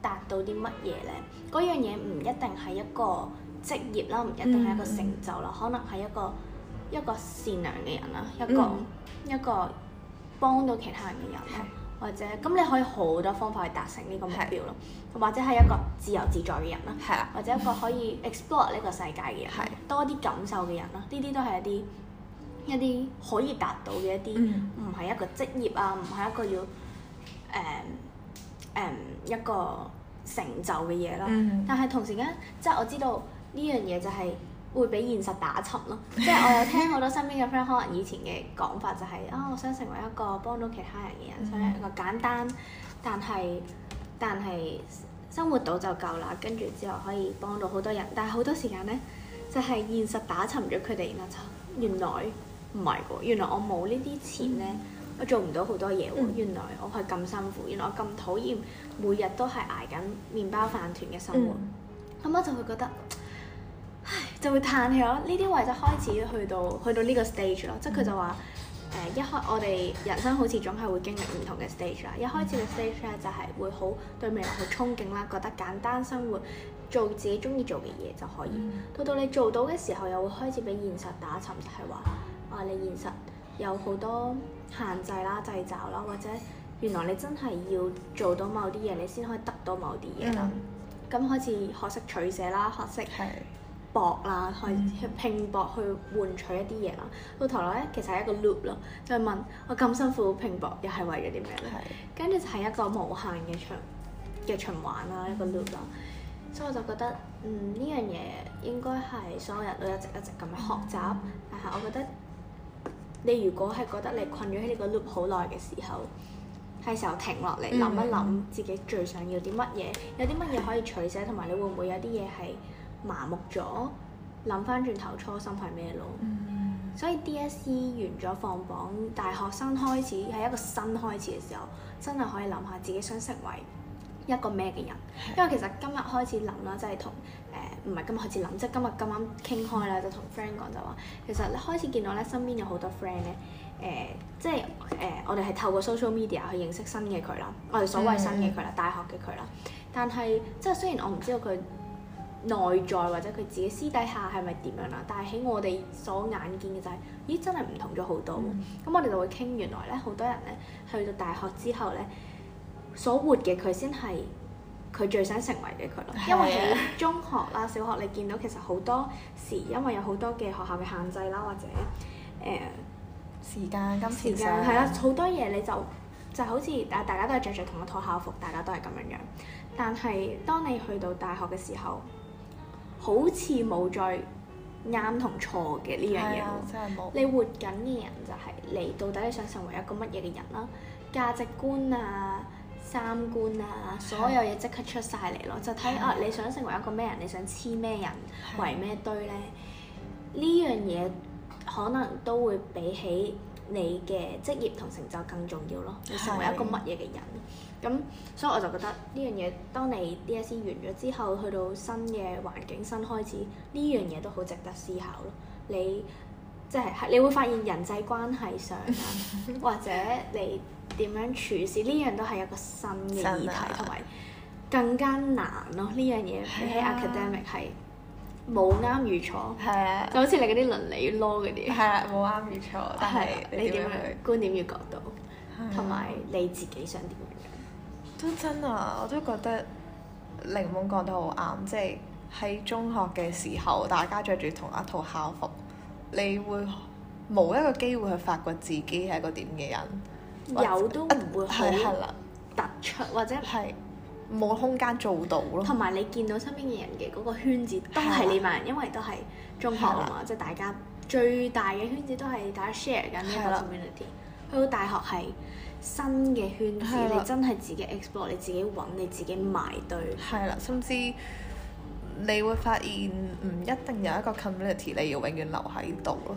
達到啲乜嘢呢？嗰樣嘢唔一定係一個職業啦，唔一定係一個成就啦，嗯、可能係一個一個善良嘅人啦，一個、嗯、一個幫到其他人嘅人，嗯或者咁你可以好多方法去達成呢個目標咯，的或者係一個自由自在嘅人啦，的或者一個可以 explore 呢個世界嘅人，的多啲感受嘅人啦，呢啲都係一啲一啲可以達到嘅一啲，唔係的一個職業啊，唔係一個要誒誒、嗯嗯、一個成就嘅嘢啦。的但係同時間即係我知道呢樣嘢就係、是。會俾現實打沉咯、啊， (laughs) 即係我有聽好多身邊嘅 friend，可能以前嘅講法就係、是、啊、 (laughs) 哦，我想成為一個幫到其他人嘅人，mm hmm. 想一個簡單，但係但係生活到就夠啦，跟住之後可以幫到好多人。但係好多時間呢，就係、是、現實打沉咗佢哋。原來唔係，原來我冇呢啲錢呢，我做唔到好多嘢喎。原來我係咁辛苦，原來我咁討厭，每日都係捱緊麵包飯團嘅生活。咁、mm hmm. 我就會覺得。就會嘆氣咯，呢啲位就開始去到去到呢個 stage 咯，即係佢就話誒一開我哋人生好似總係會經歷唔同嘅 stage 啦、mm。Hmm. 一開始嘅 stage 咧就係、是、會好對未來好憧憬啦，覺得簡單生活做自己中意做嘅嘢就可以。到、mm hmm. 到你做到嘅時候，又會開始俾現實打沉，就係、是、話啊，你現實有好多限制啦、掣肘啦，或者原來你真係要做到某啲嘢，你先可以得到某啲嘢啦。咁、mm hmm. 開始學識取捨啦，學識。Mm hmm. 搏啦，去去拼搏去換取一啲嘢啦。到頭來咧，其實係一個 loop 咯，就 (noise) 問我咁辛苦拼搏又係為咗啲咩咧？跟住是就係一個無限嘅循嘅循環啦，一個 loop 啦。 (noise) 所以我就覺得，嗯，呢樣嘢應該係所有人都一直一直咁樣學習。 (noise) 但係我覺得，你如果係覺得你困咗喺呢個 loop 好耐嘅時候，係 (noise) 時候停落嚟諗一諗自己最想要啲乜嘢，有啲乜嘢可以取捨，同埋你會唔會有啲嘢係？麻木咗，諗翻轉頭初心係咩咯？Mm hmm. 所以 DSE 完咗放榜，大學生開始係一個新開始嘅時候，真係可以諗下自己想成為一個咩嘅人。Mm hmm. 因為其實今日開始諗啦，即係同誒，唔係今日開始諗，即係今日咁啱傾開啦，就同 friend 講就話，其實你開始見到咧身邊有好多 friend 咧，誒、呃、即係誒、呃、我哋係透過 social media 去認識新嘅佢啦，我哋所謂新嘅佢啦，mm hmm. 大學嘅佢啦。但係即係雖然我唔知道佢。內在或者佢自己私底下係咪點樣啦、啊？但係喺我哋所眼見嘅就係、是，咦，真係唔同咗好多。咁、嗯、我哋就會傾，原來咧好多人咧去到大學之後咧，所活嘅佢先係佢最想成為嘅佢咯。啊、因為喺中學啦、小學你見到其實好多時，因為有好多嘅學校嘅限制啦，或者誒、呃、時間、金錢，係啦好多嘢你就就好似啊，大家都係着着同一套校服，大家都係咁樣樣。但係當你去到大學嘅時候。好似冇再啱同錯嘅呢樣嘢喎，啊、真你活緊嘅人就係你到底你想成為一個乜嘢嘅人啦，價值觀啊、三觀啊，所有嘢即刻出晒嚟咯，啊、就睇啊你想成為一個咩人，你想黐咩人，圍咩、啊、堆咧？呢樣嘢可能都會比起你嘅職業同成就更重要咯，啊、你成為一個乜嘢嘅人？咁所以我就覺得呢樣嘢，當你 DSE 完咗之後，去到新嘅環境、新開始，呢樣嘢都好值得思考咯。你即係你會發現人際關係上啊， (laughs) 或者你點樣處事，呢樣都係一個新嘅議題，同埋的更加難咯、啊。呢樣嘢比起 academic 係冇啱與、啊、錯，錯啊、就好似你嗰啲倫理 law 嗰啲，係啦冇啱與錯，但係你點樣,樣觀點與角度，同埋、啊、你自己想點？都真啊！我都覺得檸檬講得好啱，即係喺中學嘅時候，大家着住同一套校服，你會冇一個機會去發掘自己係一個點嘅人，有都唔會好突出，的或者冇的空間做到咯。同埋你見到身邊嘅人嘅嗰個圈子都係你嘛的，因為都係中學啊嘛，即係的的大家最大嘅圈子都係大家 share 緊呢個 community。去到大學係。新嘅圈子，了你真係自己 explore，你自己揾，你自己埋堆。係啦，甚至你會發現唔一定有一個 community 你要永遠留喺度咯。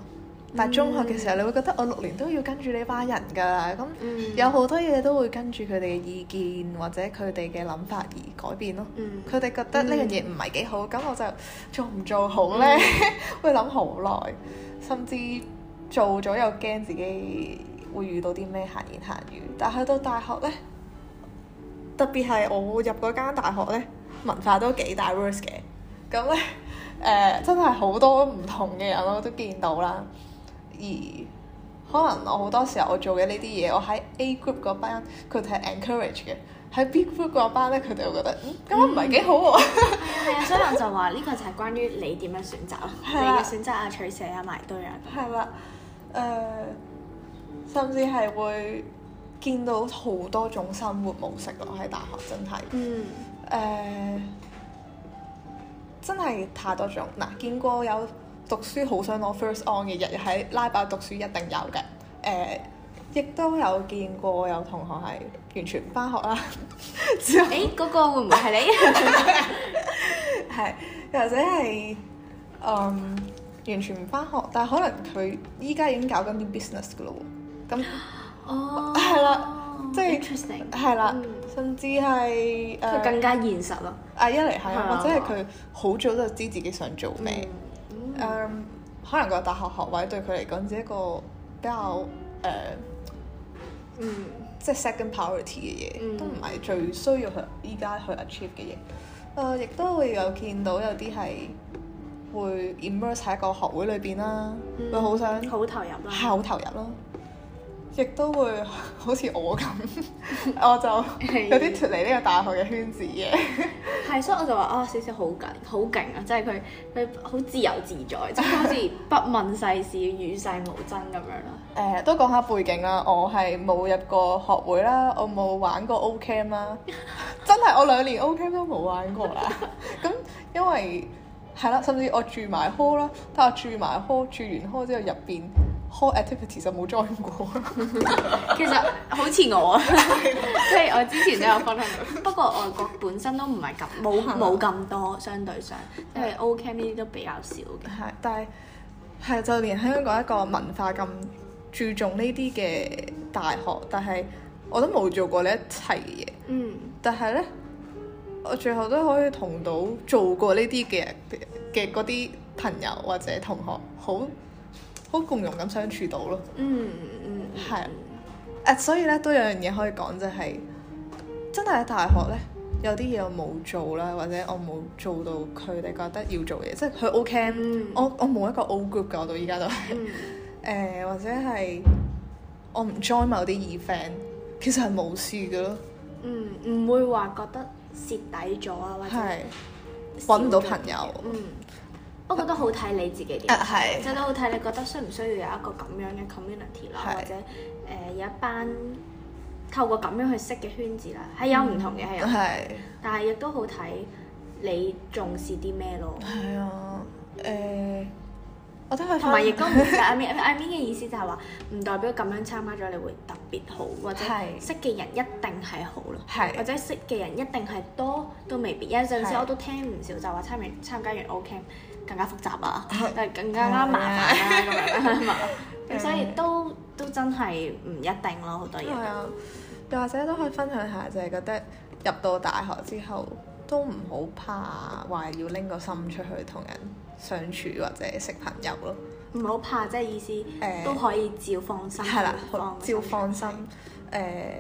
嗯、但係中學嘅時候，你會覺得我六年都要跟住呢班人㗎咁、嗯、有好多嘢都會跟住佢哋嘅意見或者佢哋嘅諗法而改變咯。佢哋、嗯、覺得呢樣嘢唔係幾好，咁、嗯、我就做唔做好呢？嗯、 (laughs) 會諗好耐，甚至做咗又驚自己，會遇到啲咩閒言閒語，但去到大學咧，特別係我入嗰間大學咧，文化都幾 diverse 嘅，咁咧誒，真係好多唔同嘅人咯，都見到啦。而可能我好多時候我做嘅呢啲嘢，我喺 A group 嗰班佢哋係 encourage 嘅，喺 B group 嗰班咧佢哋會覺得，嗯，咁樣唔係幾好喎、啊。啊、嗯、 (laughs) 所以我就話呢、呢個就係關於你點樣選擇啦，你嘅選擇啊，擇取捨啊，埋堆人。係啦，誒。甚至係會見到好多種生活模式咯。喺大學真係，誒、嗯 uh, 真係太多種嗱。見過有讀書好想攞 first on 嘅，日日喺拉伯讀書一定有嘅。誒、uh, 亦都有見過有同學係完全唔翻學啦。誒，嗰個會唔會係你？係， (laughs) (laughs) (laughs) 又或者係嗯、um, 完全唔返學，但係可能佢依家已經搞緊啲 business 噶咯。咁，哦，係啦，即係 Interesting 係啦，甚至係佢更加現實咯。啊，一嚟係，或者係佢好早就知自己想做咩。誒，可能個大學學位對佢嚟講只係一個比較誒，嗯，即係 second priority 嘅嘢，都唔係最需要佢依家去 achieve 嘅嘢。誒，亦都會有見到有啲係會 immerse 喺個學會裏邊啦，會好想好投入，係好投入咯。亦都會好似我咁， (laughs) 我就有啲脫離呢個大學嘅圈子嘅。係，所以我就話啊，少、哦、少好緊，好勁啊！即係佢佢好自由自在，即、就、係、是、好似不問世事、與世無爭咁樣啦。誒，都講下背景啦。我係冇入過學會啦，我冇玩過 O Camp 啦。Amp, (laughs) 真係我兩年 O Camp 都冇玩過啦。咁 (laughs) 因為係啦，甚至我住埋 hall 啦，但係住埋 hall 住完 hall 之後入邊。Whole activity 就冇再用過， (laughs) 其實好似我，啊。即係我之前都有分享過。 (laughs) 不過外國本身都唔係咁，冇冇咁多，相對上即係對 OK 呢啲都比較少嘅。係，但係係就連香港一個文化咁注重呢啲嘅大學，但係我都冇做過一、嗯、呢一齊嘢。嗯，但係咧，我最後都可以同到做過呢啲嘅嘅嗰啲朋友或者同學好。好共融咁相處到咯、嗯，嗯嗯嗯，係，誒，所以咧都有樣嘢可以講，就係、是、真係喺大學咧，有啲嘢我冇做啦，或者我冇做到佢哋覺得要做嘢，即係佢 OK，我我冇一個 old group 嘅，我到依家都係，誒、嗯 (laughs) 呃，或者係我唔 join 某啲 event，其實係冇事嘅咯、嗯，嗯，唔會話覺得蝕底咗啊，或者係揾唔到朋友，嗯。不過都好睇你自己點，即係都好睇你覺得需唔需要有一個咁樣嘅 community 啦是，或者誒、呃、有一班透過咁樣去識嘅圈子啦，係有唔同嘅，係有、嗯，但係亦都好睇你重視啲咩咯。係啊，誒、呃。我同埋亦都，唔 m (laughs) i 阿 Min 嘅意思就係話，唔代表咁樣參加咗你會特別好，或者是識嘅人一定係好咯，是或者識嘅人一定係多都未必，是因為有陣時我都聽唔少就話參,參加參加完 O Level 更加複雜啦，啊、更加啱麻煩啦咁樣，咁所以都都真係唔一定咯，好多嘢。又、啊、或者都可以分享下，就係、是、覺得入到大學之後都唔好怕話要拎個心出去同人。相處或者識朋友咯，唔好怕即係、就是、意思，uh, 都可以照放心，係啦，照放心。誒、呃，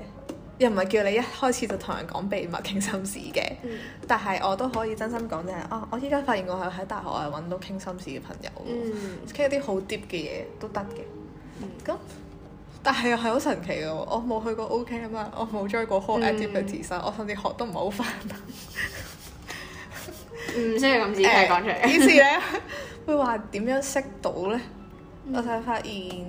又唔係叫你一開始就同人講秘密傾心事嘅，嗯、但係我都可以真心講，就係哦，我依家發現我係喺大學我係揾到傾心事嘅朋友，傾、嗯、一啲好 deep 嘅嘢都得嘅。咁、嗯，但係又係好神奇嘅喎，我冇去過 O camp 啊嘛，我冇 join 過 hall activity 自身，我甚至學都唔係好返。 (laughs) 唔需要咁直接講出嚟。於是呢，會話點樣識到呢？嗯、我就發現，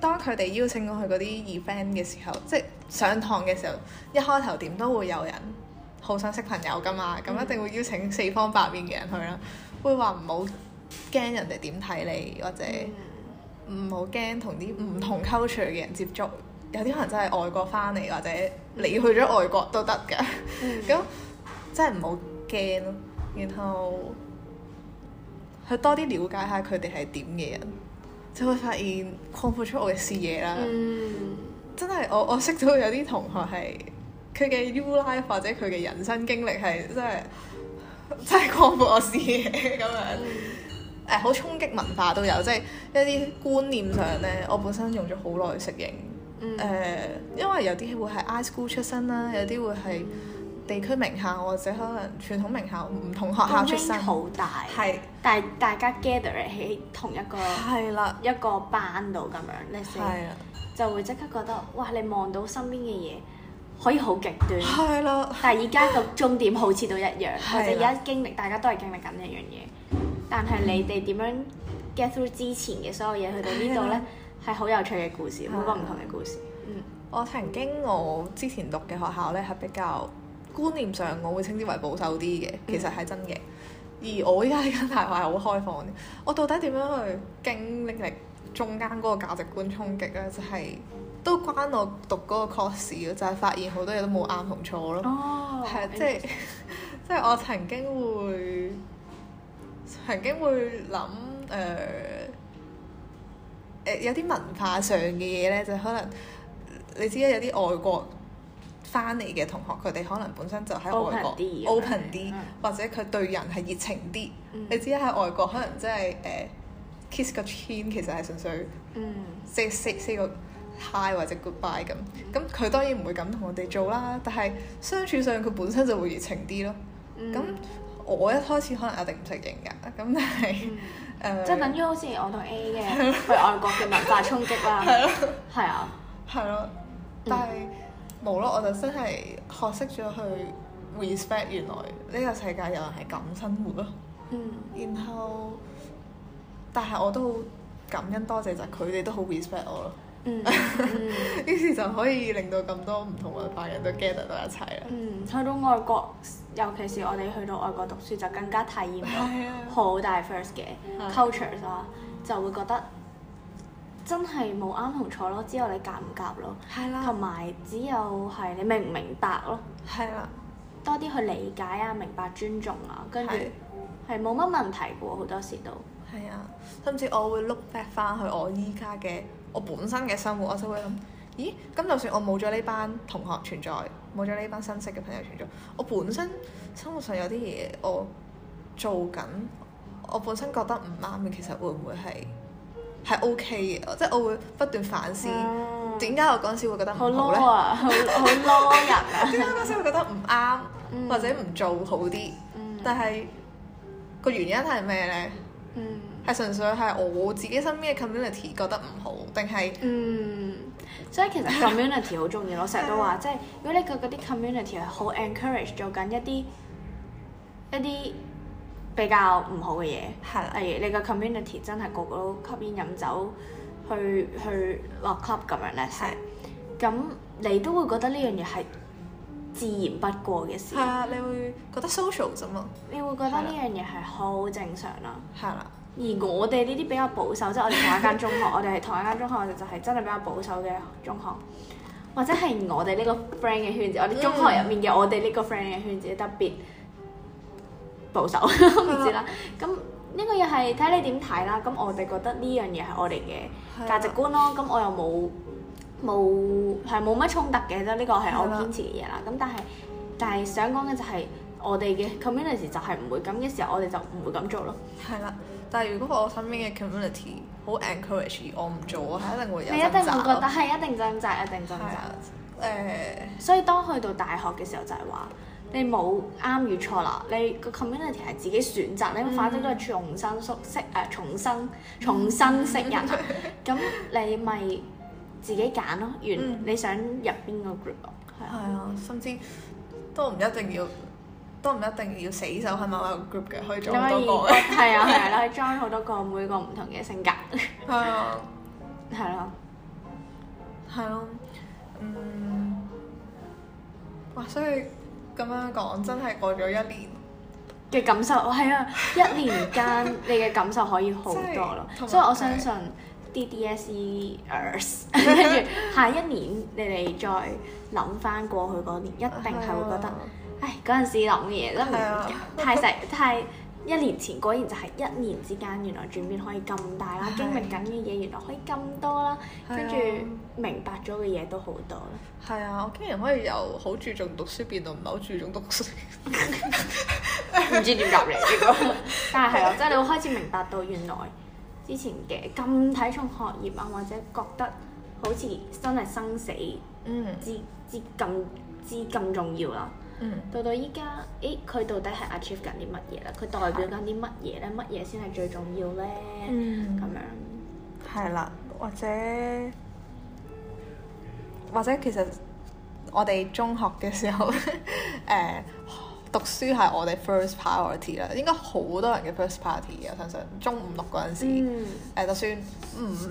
當佢哋邀請我去嗰啲 event 嘅時候，即係上堂嘅時候，一開頭點都會有人好想識朋友噶嘛。咁一定會邀請四方八面嘅人去啦。嗯、會話唔好驚人哋點睇你，或者唔好驚同啲唔同 culture 嘅人接觸。有啲可能真係外國翻嚟，或者你去咗外國都得㗎。咁真係唔好， (laughs) 驚咯，然後去多啲了解下佢哋係點嘅人，就會發現擴闊出我嘅視野啦。嗯、真係我我識到有啲同學係佢嘅 U Life 或者佢嘅人生經歷係真係真係擴闊我視野咁樣。誒、嗯，好衝擊文化都有，即、就、係、是、一啲觀念上咧，我本身用咗好耐適應。誒、嗯呃，因為有啲會係 I School 出身啦，有啲會係、嗯。地區名校或者可能傳統名校，唔同學校出身，係，是但係大家 gather 喺同一個係啦了一個班度咁樣，呢啲了就會即刻覺得，哇！你望到身邊嘅嘢可以好極端，係啦了。但係而家個重點好似都一樣，我哋而家經歷大家都係經歷緊一樣嘢，但係你哋點樣 get through 之前嘅所有嘢去到呢度咧，係好了有趣嘅故事，好多唔同嘅故事。嗯的，我曾經我之前讀嘅學校咧係比較。觀念上我會稱之為保守啲嘅，其實係真嘅。嗯、而我依家呢間大學係好開放嘅。我到底點樣去經歷嚟中間嗰個價值觀衝擊呢？就係、是、都關我讀嗰個 course 嘅，就係、是、發現好多嘢都冇啱同錯咯。係啊、哦，即係即係我曾經會曾經會諗誒、呃、有啲文化上嘅嘢呢，就是、可能你知啦，有啲外國。翻嚟嘅同學，佢哋可能本身就喺外國，open 啲，或者佢對人係熱情啲。你知喺外國可能真係誒 kiss 個圈，其實係純粹即 say say say 個 hi 或者 goodbye 咁。咁佢當然唔會咁同我哋做啦，但係相處上佢本身就會熱情啲咯。咁我一開始可能一定唔適應㗎，咁但係誒。即係等於好似我同 A 嘅，去外國嘅文化衝擊啦，係啊，係咯，但係。冇咯，我就真係學識咗去 respect 原來呢個世界有人係咁生活咯。嗯、然後，但係我都好感恩多謝就佢哋都好 respect 我咯、嗯。嗯。 (laughs) 於是就可以令到咁多唔同文化人都 get 到一齊啦。嗯，去到外國，尤其是我哋去到外國讀書就更加體驗到好大 first 嘅 cultures 啦，culture，嗯、就會覺得。真係冇啱同錯咯，只有你夾唔夾咯，係啦，同埋只有係你明唔明白咯，係啦的，多啲去理解啊，明白尊重啊，跟住係冇乜問題嘅喎，好的多時都係啊，甚至我會 look back 翻去我依家嘅我本身嘅生活，我就會諗，咦，咁就算我冇咗呢班同學存在，冇咗呢班新識嘅朋友存在，我本身生活上有啲嘢我做緊，我本身覺得唔啱嘅，其實會唔會係？係 OK 嘅，即係我會不斷反思點解、哦、我嗰時會覺得好 low 啊？好 low 人啊！點解嗰時會覺得唔啱、嗯、或者唔做好啲？嗯、但係個原因係咩咧？嗯，係純粹係我自己身邊嘅 community 覺得唔好，定係嗯，所以其實 community 好重要。 (laughs) 我成日都話，即係的、就是、如果你個嗰啲 community 係好 encourage 做緊一啲一啲。一比較唔好嘅嘢，係例如你 community，個 community 真係個個都吸煙飲酒，去去落 club 咁樣咧，係，咁你都會覺得呢樣嘢係自然不過嘅事。係啊，你會覺得 social 啫嘛？你會覺得呢樣嘢係好正常咯。係啦係。而我哋呢啲比較保守，即係我哋同一間中學， (laughs) 我哋係同一間中學，我哋就係真係比較保守嘅中學，或者係我哋呢個 friend 嘅圈子，我哋中學入面嘅我哋呢個 friend 嘅圈子特別。嗯，特別保守唔知啦，咁呢的個又係睇你點睇啦。咁我哋覺得呢樣嘢係我哋嘅價值觀咯。咁我又冇冇係冇乜衝突嘅，即、這、呢個係我堅持嘅嘢啦。咁的但係但係想講嘅就係我哋嘅 community 就係唔會咁嘅時候，我哋就唔會咁做咯。係啦，但係如果我身邊嘅 community 好 encourage，我唔做我係一定會有，你一定唔覺得係一定掙扎，一定掙扎。誒，呃、所以當去到大學嘅時候就係話。你冇啱與錯啦，你個 community 係自己選擇，你反正都係重新熟識誒、嗯啊，重新重新識人，咁 (laughs) 你咪自己揀咯，完你想入邊個 group 啊、嗯？係啊，甚至都唔一定要都唔一定要死守喺某一個 group 嘅，可以做好多個，係啊，係咯， (laughs) 可以 join 好多個，每個唔同嘅性格，係啊，係咯，係咯，嗯，哇，所以。咁樣講真係過咗一年嘅感受，係、哎、啊！ (laughs) 一年間你嘅感受可以好多咯， (laughs) 所以我相信啲 DSE Earth 跟住下一年你哋再諗翻過去嗰年，一定係會覺得， (laughs) 唉嗰陣時諗嘅嘢真係太細 (laughs) 太。 (laughs) 一年前果然就係一年之間，原來轉變可以咁大啦！經歷的緊嘅嘢原來可以咁多啦，跟住的明白咗嘅嘢都好多啦。係啊，我竟然可以由好注重讀書變到唔係好注重讀書，唔 (laughs) (laughs) 知點夾嚟。但係係啊，即係 (laughs) (laughs) 你會開始明白到原來之前嘅咁睇重學業啊，或者覺得好似真係生死嗯之之咁之咁重要啦。到到依家，誒、嗯，佢到底係 achieve 緊啲乜嘢啦？佢、欸、代表緊啲乜嘢咧？乜嘢先係最重要咧？嗯，咁樣，係啦，或者或者其實我哋中學嘅時候，誒、 (laughs) (laughs) 呃。讀書係我哋 first priority 啦，應該好多人嘅 first priority 嘅我相信。中五六嗰陣時，誒、嗯呃、就算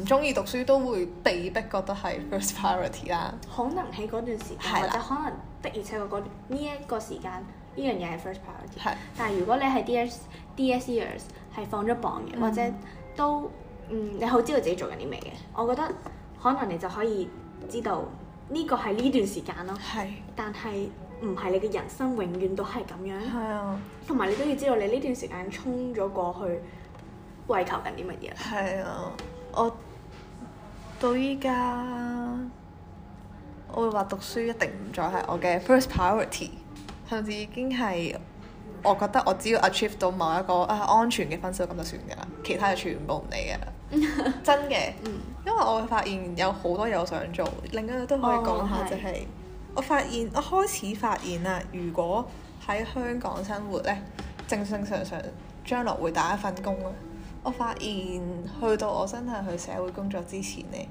唔中意讀書都會被逼覺得係 first priority 啦。可能喺嗰段時間係啊，就可能的、這個，而且確呢一個時間呢樣嘢係 first priority 是。係，但係如果你係 D S D、嗯、S years 係放咗榜嘅，或者都嗯你好知道自己做緊啲咩嘅，我覺得可能你就可以知道呢個係呢段時間咯。係是，但係。唔係你嘅人生永遠都係咁樣。係啊。同埋你都要知道，你呢段時間衝咗過去，為求緊啲乜嘢？係啊。我到依家，我會話讀書一定唔再係我嘅 first priority，甚至已經係我覺得我只要 achieve 到某一個啊安全嘅分數咁就算㗎喇，嗯、其他就全部唔理㗎喇。真嘅。因為我會發現有好多嘢我想做，另一個都可以講下就係。哦我發現，我開始發現啦。如果喺香港生活咧，正正常常將來會打一份工咯。我發現去到我真係去社會工作之前咧，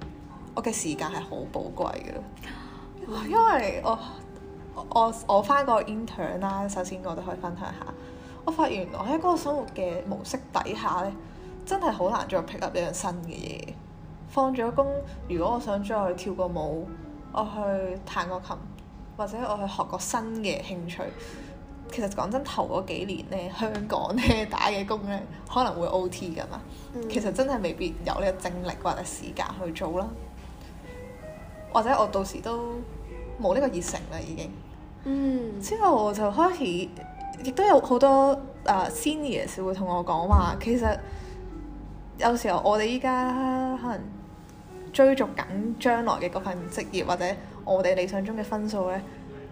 我嘅時間係好寶貴嘅咯。因為我我我翻個 intern 啦，in tern，首先我都可以分享下。我發現我喺嗰個生活嘅模式底下咧，真係好難再 pick up 一樣新嘅嘢。放咗工，如果我想再去跳個舞。我去彈個琴，或者我去學個新嘅興趣。其實講真，頭嗰幾年咧，香港咧打嘅工咧，可能會 OT 噶嘛。嗯、其實真係未必有呢個精力或者時間去做啦。或者我到時都冇呢個熱誠啦，已經。嗯。之後我就開始，亦都有好多啊、uh, seniors 會同我講話，嗯、其實有時候我哋依家可能。追逐緊將來嘅嗰份職業或者我哋理想中嘅分數咧，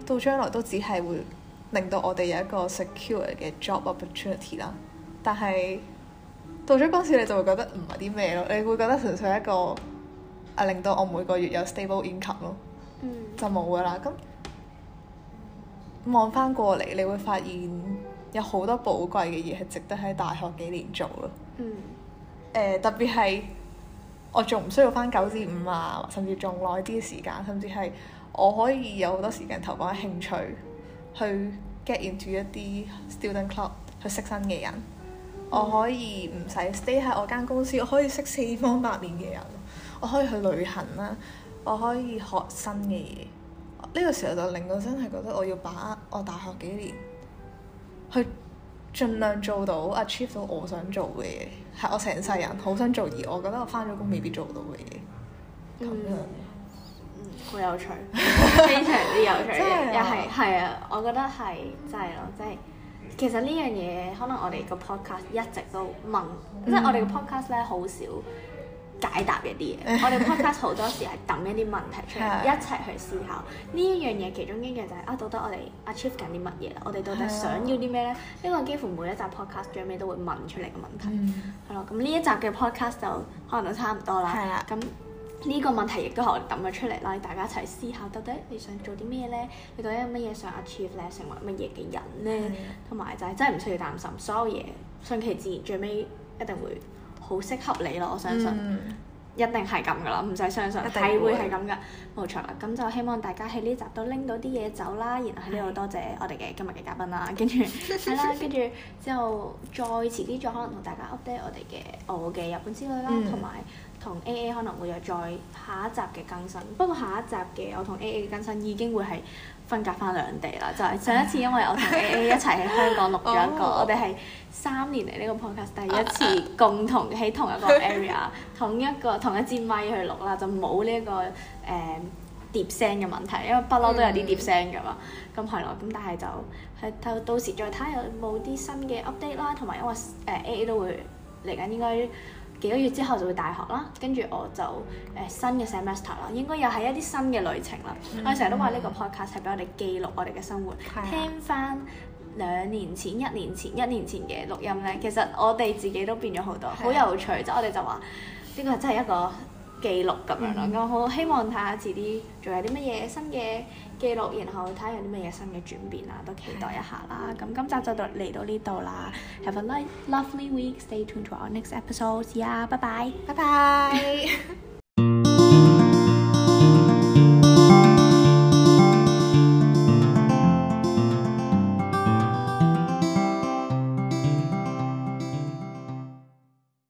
到將來都只係會令到我哋有一個 secure 嘅 job opportunity 啦。但係到咗嗰時你就會覺得唔係啲咩咯，你會覺得純粹一個啊令到我每個月有 stable income 咯、嗯，就冇噶啦。咁望翻過嚟，你會發現有好多寶貴嘅嘢係值得喺大學幾年做咯、嗯呃。特別係。我仲唔需要返九至五啊，甚至仲耐啲嘅時間，甚至係我可以有好多時間投放喺興趣，去 get into 一啲 student club 去識新嘅人。我可以唔使 stay 喺我間公司，我可以識四方八面嘅人，我可以去旅行啦，我可以學新嘅嘢。呢個時候就令到真係覺得我要把握我大學幾年去。盡量做到 achieve 到我想做嘅嘢，係我成世人好想做，而我覺得我翻咗工未必做到嘅嘢，咁樣嘅嗯，嗯，好有趣， (laughs) 非常之有趣，即係，又係，係啊，我覺得係真係咯，即係其實呢樣嘢，可能我哋個 podcast 一直都問，嗯、即係我哋個 podcast 咧好少。解答一啲嘢，我哋 podcast 好多時係揼一啲問題出嚟，一齊去思考呢一樣嘢。其中一樣就係啊，到底我哋 achieve 緊啲乜嘢啦？我哋到底想要啲咩咧？呢個幾乎每一集 podcast 最尾都會問出嚟嘅問題，係咯。咁呢一集嘅 podcast 就可能都差唔多啦。咁呢個問題亦都係我揼咗出嚟啦，大家一齊思考，到底你想做啲咩咧？你到底有乜嘢想 achieve 咧？成為乜嘢嘅人咧？同埋就係真係唔需要擔心，所有嘢順其自然，最尾一定會。好適合你咯！我相信，嗯、一定係咁噶啦，唔使相信，體會係咁噶，冇錯啦。咁就希望大家喺呢集都拎到啲嘢走啦，然後喺呢度多謝我哋嘅今日嘅嘉賓啦，跟住係啦，跟住之後再遲啲再可能同大家 update 我哋嘅我嘅日本之旅啦，同埋。同 A A 可能會有再下一集嘅更新，不過下一集嘅我同 A A 嘅更新已經會係分隔翻兩地啦。就係、是、上一次因為我同 A A 一齊喺香港錄咗一個， (laughs) oh. 我哋係三年嚟呢個 podcast 第一次共同喺同一個 area (laughs) 同一個、同一個同一支咪去錄啦，就冇呢、呢個誒碟、呃、聲嘅問題，因為不嬲都有啲碟聲噶嘛。咁係咯，咁但係就係到到時再睇下有冇啲新嘅 update 啦，同埋因為誒 A A 都會嚟緊應該。幾個月之後就會大學啦，跟住我就誒、呃、新嘅 semester 啦，應該又係一啲新嘅旅程啦。Mm hmm. 我哋成日都話呢個 podcast 係俾我哋記錄我哋嘅生活，mm hmm. 聽翻兩年前、一年前、一年前嘅錄音咧，mm hmm. 其實我哋自己都變咗好多，好、mm hmm. 有趣。即係、mm hmm. 我哋就話呢個真係一個。記錄咁樣咯，mm hmm. 我好希望睇下遲啲仲有啲乜嘢新嘅記錄，然後睇下有啲乜嘢新嘅轉變啊，都期待一下啦。咁今集就到嚟到呢度啦，Have a lovely lovely week，Stay tuned to our next episode，See you，拜拜，拜拜。